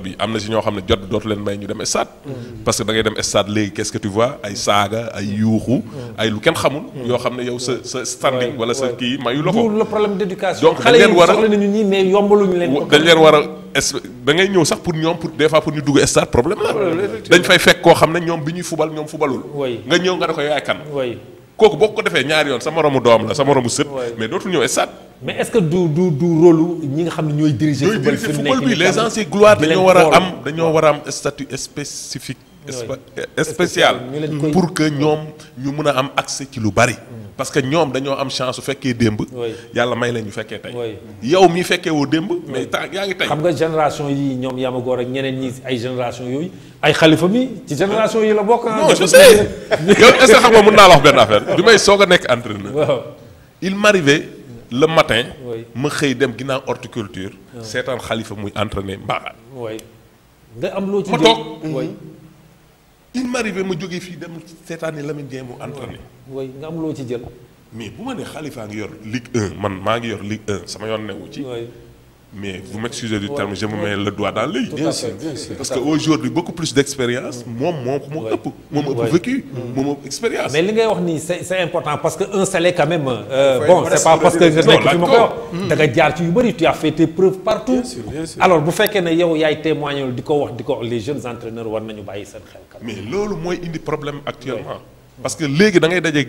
Speaker 3: bi amna ci si ñoo xam jot dot dootu leen may ñu dem stade mm. parce que da ngay dem stade légui qu'est-ce que tu vois ay saga ay yuxu mm. ay lu ken xamul mm. yoo xam yow ce sa standing wala ce kii mayu la ko le problème d'éducation donc xalé yi soxla
Speaker 1: nañu ñi mais yombaluñu leen ko dañ leen war
Speaker 3: da ngay ñew sax pour ñom pour des fois pour ñu dugg stade problème
Speaker 4: la dañ
Speaker 3: fay fekk ko xam ñom biñuy football ñom footballul nga ñew nga da ko yaay kan kooku boo ko defee ñaari yoon sa moromu doom la sa moromu sët. mais dootul ñëw stade.
Speaker 1: mais est que du du du rôle ñi nga xam ne ñooy diriger. football fi football bi les anciens gloires dañoo war a am
Speaker 3: dañoo war a am statut spécifique. Eh, spécial mm. pour que ñoom ñu mun a am accès ci lu bari. parce que ñom dañu am chance su fekkee démb. yàlla may lañu féké tay yow mi féké wo demb mais ta yaa ngi xam nga génération yi ñom
Speaker 1: yama gor ak ñeneen ñi ay génération yoy ay khalifa mi ci génération yi la bokk. Ah. non je sais *laughs* yow est ce xam nga mën naa la wax ben affaire *laughs* bi may soga nek entraîneur.
Speaker 3: il m'arrivait le matin. ma xey dem gina horticulture. Ah. seetaan khalifa muy entraîner mbaaxaan. nga am lo ci ma toog. il m'arrivait ma jógee fii dem seetaani Lamine jéemu mu entraîné. waaye nga am loo ci jël. mais bu ma ne xalifaa ngi yor Ligue 1 man maa ngi yor Ligue 1 sama yoon newu ci. mais vous m'excusez du terme, je me le doigt dans l'œil. Bien, sûr, bien sûr. Parce qu'aujourd'hui, beaucoup plus d'expérience, moi, moi, moi, moi, vécu, mm. moi, expérience.
Speaker 1: Mais ce c'est important parce qu'un est quand même, euh, bon, c'est pas parce que je n'ai que tu tu as fait tes preuves partout. Bien sûr, bien sûr. Alors, vous faites que
Speaker 3: vous avez les jeunes entraîneurs doivent fait bailler. Mais c'est ce Mais c'est le problème actuellement. Parce que les gens, ils les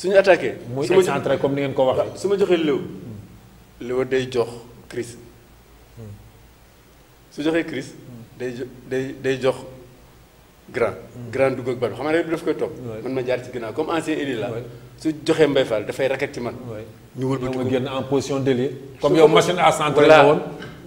Speaker 5: suñu attaqué. muy excentré comme ni ngeen ko waxee. su ma joxee Léo. Léo day jox Chris. Hmm. su joxee Chris. day day day jox grand. Hmm. grand dugg ak bal xam nga daf koy topp. man ma jaar ci ginnaaw comme ancien ailier la su joxee mbay Fall dafay raket ci man.
Speaker 1: ñu wëlbatiku ñu génn en position d'ailier. comme yow machine à centre la woon.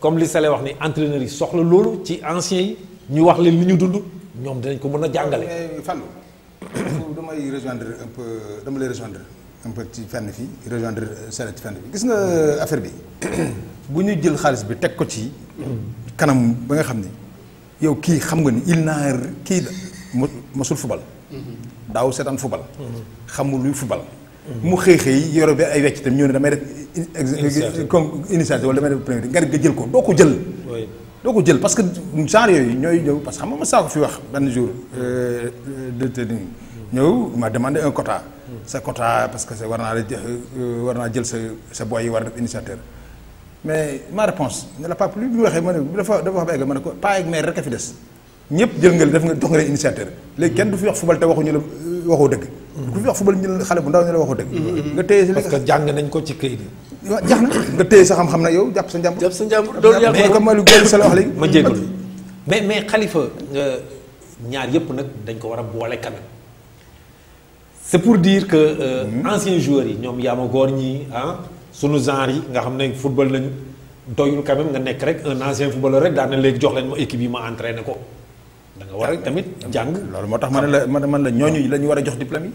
Speaker 1: comme li Sele wax ni entraîneurs yi soxla loolu ci anciens yi ñu wax li li ñu dund ñoom dinañ
Speaker 2: ko mën a jàngale. mais Fallou *coughs* damay rejoindre un peu dama lay rejoindre un peu ci fenn fii rejoindre euh, Sele ci fenn fii gis nga euh, affaire bi *coughs* bu ñu jël xaalis bi teg ko ci. kanam ba nga xam ni yow kii xam nga ni il naar kii mosul fubal.
Speaker 4: Mm-hmm.
Speaker 2: daaw seetaan fubal. Mm-hmm. xamul luy fubal. mu xëy xëy yoro ay wecc tam ñëw ne damay comme initiative wala damay def premier gar nga jël ko doo ko jël. doo ko jël parce que genre yoy ñooy ñëw parce que xam ma saa ko fi wax benn jour. Euh, directeur bi ñëw ma demandé un quota. Mm. sa quota parce que war warna la euh, jël sa sa boy yi war def initiateur. mais ma réponse ne la pas plu bi waxe waxee ma dafa dafa wax ba egg ma ko pas ak maire rek a fi dess ñepp jël ngeul def nga jox nga initiateur léegi kenn du fi wax fubal te waxuñu la euh, waxoo dëgg. ku fi wax football ñu xale bu ndaw ñu la waxoo dëgg. Mm-hmm. nga téye si parce que jàng nañ ko ci këyit yi. waaw jax na nga téye sa xam-xam na yow jàpp sa njàmbur. jàpp sa njàmbur loolu yàlla mais mooy ma jégalu mais mais xalifa
Speaker 1: ñaar yëpp nag dañ ko war a boole quand même c'est pour dire que euh, mmh. yi ñoom yaama góor ñi ah sunu genre yi nga xam ne football nañu doyul quand même nga nekk rek un ancien footballeur rek daan na léegi jox leen ma équipe yi ma entraîné ko da war a tamit jàng. loolu moo tax man la man la ñooñu la ñu war a jox diplôme yi.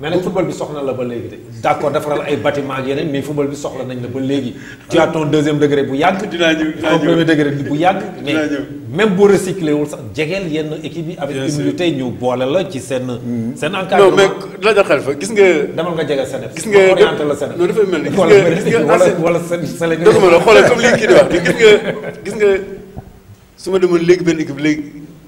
Speaker 1: mais nag football bi soxla la ba léegi de d'accord defaral ay bâtiment ak yeneen mais football bi soxla nañ la ba léegi tu as ton deuxième degré bu yàgg dinaa ñëw ton premier degré bu yàgg mais même boo recyclé wul sax jegeel yenn équipe yi avec humilité ñu boole la ci seen mm. seen encadrement non mais la joxel fa gis nga demal nga jegeel Sénégal gis nga orienté la Sénégal non dafay mel ni gis nga *laughs* wala wala Sénégal dëgg ma la xoolal comme li kii di wax gis nga gis nga
Speaker 5: su ma demoon léegi benn équipe léegi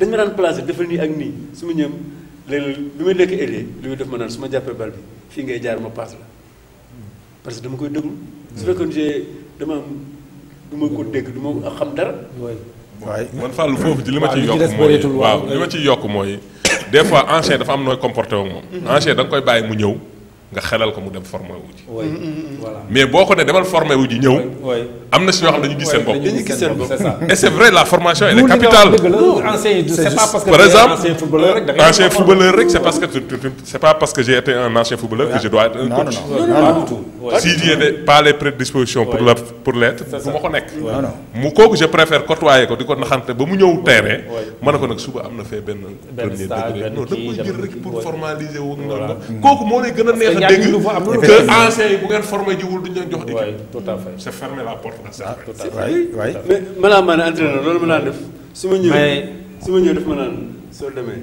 Speaker 5: dañ ma daan placer defal nii ak nii su ma ñëw léeg lu bi may lekk ailier li muy def ma naan su ma jàppee bal bi fii ngay jaar ma paas parce que dama koy déglu. su fekkoon j'ai dama am du ma ko dégg du ma xam dara. waaye man Fallou foofu li ma ciy yokk
Speaker 3: mooy waaw li ma ciy yokk mooy des fois enchaîné dafa am nooy comporté wu moom. Mm-hmm. enchaîné da koy bàyyi mu ñëw. nga xelal ko mu dem formé wu ji.
Speaker 4: Mm-hmm.
Speaker 3: mais boko ko ne demal formé wu ji ñëw. am na si ñoo xam dañu gis seen bopp. dañu gis seen bopp et c'est vrai la formation elle est capitale. par exemple ancien footballeur rek c'est parce que c'est pas parce que j'ai été un ancien footballeur que ah. je dois être un coach. si j'ai pas les prédispositions pour la pour l'être du ma ko mu kooku je préfère côtoyer ko diko ko naxante ba mu ñew terrain. mën na ko nag suba amna na ben premier degré non da jël rek pour formaliser wu. kooku mo lay gëna neex a dégg que anciens yi bu ngeen formé jiwul duñ leen jox di. waay tout à fait c'est fermer la porte ah, à ça. ma laa mën a entraîneur loolu ma laa def. su ma ñëwee su ma ñëwee
Speaker 5: daf ma naan soo demee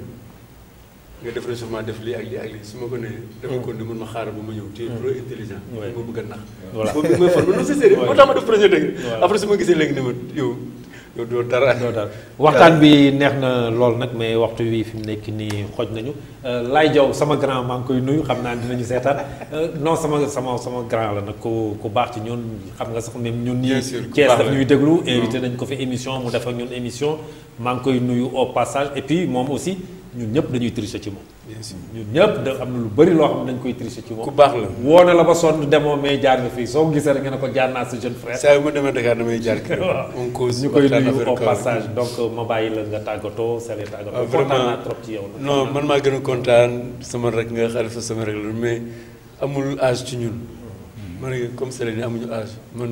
Speaker 5: nga def réchauffement def lii ak lii ak lii su ma ko nee. dama ko ni mën ma xaaral ba ma ñëw. tu es intelligent. ma bëgg a nax. voilà boobu bi ma formé non c'est sérieux moo tax ma def projet dëgg. après su ma gisee léegi ne ma yow yow doo dara doo dara waxtaan
Speaker 1: bi neex na lool nag mais waxtu wi fi mu nekk nii xoj nañu euh, Laye Diaw sama grand maa ngi koy nuyu xam naa dinañu seetaan euh, non sama sama sama grand la nag ku ku baax ci ñun xam nga sax même ñun ñii Thiès daf ñuy déglu invité nañ ko fi émission mu def ak ñun émission maa ngi koy nuyu au passage et puis moom aussi ñun ñëpp dañuy tricher ci moom bien sûr ñun ñëpp da am na lu bëri loo xam ne dañ koy tricher ci moom. ku baax la a la ba sonn demoo mais jaar nga fii soo ko gisee rek nga ne ko jaar sa jeune frère. saa yu ma
Speaker 5: demee Dakar damay jaar kii. *laughs* on cause ñu koy euh, ma
Speaker 1: bàyyi la ah, kontaan naa trop ci man maa gën a kontaan
Speaker 5: sama rek nga Xalifa sama rek la mais amul âge ci ñun. Hmm. man comme sale ni amuñu âge man.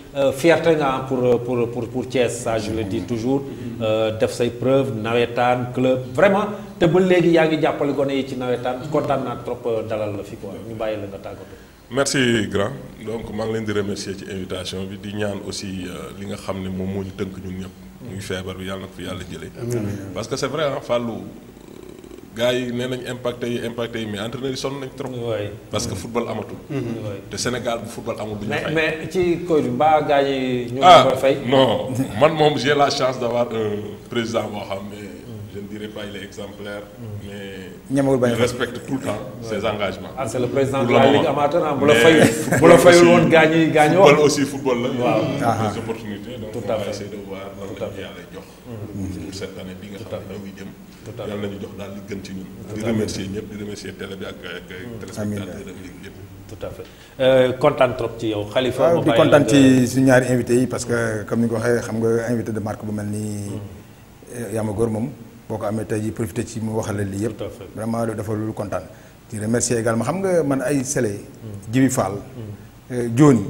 Speaker 5: Euh, fier fierté pour
Speaker 1: pour pour pour Thiès ça je le dis toujours euh, def say preuve nawetaan club vraiment te ba légui yaa ngi jàppale gone ci nawetaan kontaan naa trop euh, dalal la fi quoi ñu bayé la nga tàggatoo.
Speaker 3: merci grand donc maa ngi leen di remercier ci invitation bi di ñaan aussi li nga xamné ne moom moo ñu tënk ñun ñep muy feebar bi yalla nako yalla jëlé parce que c'est vrai hein Fallou. gars yi nee nañ impacté yi impacté yi mais entraîneur yi sonn nañ trop. parce que football amatul. te Sénégal bu football amul du ñu fay.
Speaker 1: mais ci Covid ba gars yi. ñu ko ah, fay non
Speaker 3: man moom j'ai la chance d'avoir un président boo xam ne je ne dirais pas mm. mais ñamagul bañ il tout le temps ses engagements. ah le président de la Ligue amateur ah bu la fayul *laughs* bu la fayul woon football aussi football la. waaw des ah, ah. opportunités donc on va jox. Mm. pour cette bi nga xam ne jëm. yàlla nañu jox daal li gën ci ñun di remercier ñëpp di remercier télé bi ak ak téléspectateurs ak liggéey yëpp tout à fait
Speaker 1: euh, kontaan trop ci yow Khalifa waaw di
Speaker 2: kontaan ci suñu ñaari invité yi parce que comme ni nga ko waxee xam nga invité de marque bu mel nii hmm. Yama Gor moom boo ko amee tey ji profité ci mu waxale lii yëpp vraiment loolu dafa lu kontaan di remercier également xam nga man ay sele hmm. Jibi Fall hmm. euh, Jooni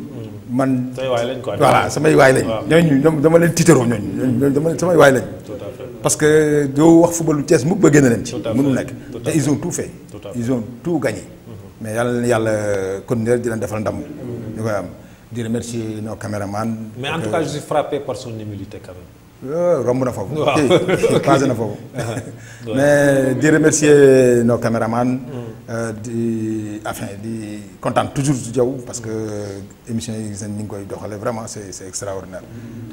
Speaker 2: man samay waay lañ quoi voilà samay waay lañ ñooñu ñoom dama leen tiitaroo ñooñu ñooñu samay waay lañ parce que wax football, Thiès ils ont tout fait. ils ont tout gagné. Mhm. mais il y a le di de defal ndam. ñu mhm. koy am dire remercier nos caméramans. mais en tout cas je euh, suis
Speaker 1: frappé par son humilité quand même.
Speaker 2: Euh, romb na foofu. *laughs* passé na *laughs* mais di remercier nos caméramans. Euh, di enfin di content toujours ci yow parce que émission yi gis nañ ni koy doxale vraiment c'est c'est extraordinaire.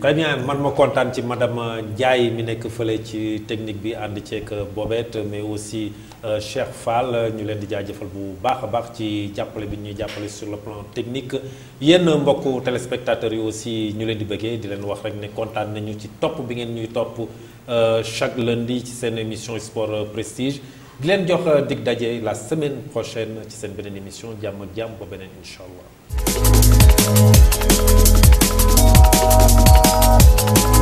Speaker 1: très bien man ma content ci madame Ndiaye mi nek feulé ci technique bi ci ak bobette mais aussi euh, Cheikh Fall ñu leen di jaajëfal bu baax baax ci jappalé bi ñuy jappalé sur le plan technique yéen mbokku téléspectateurs yi aussi ñu leen di bëggé di leen wax rek né content nañu ci top pour bi ngeen ñuy topp euh, chaque lundi ci seen émission sport prestige di leen jox euh, dig daje la semaine prochaine ci seen beneen émission jàmm ak jàmm ba beneen incha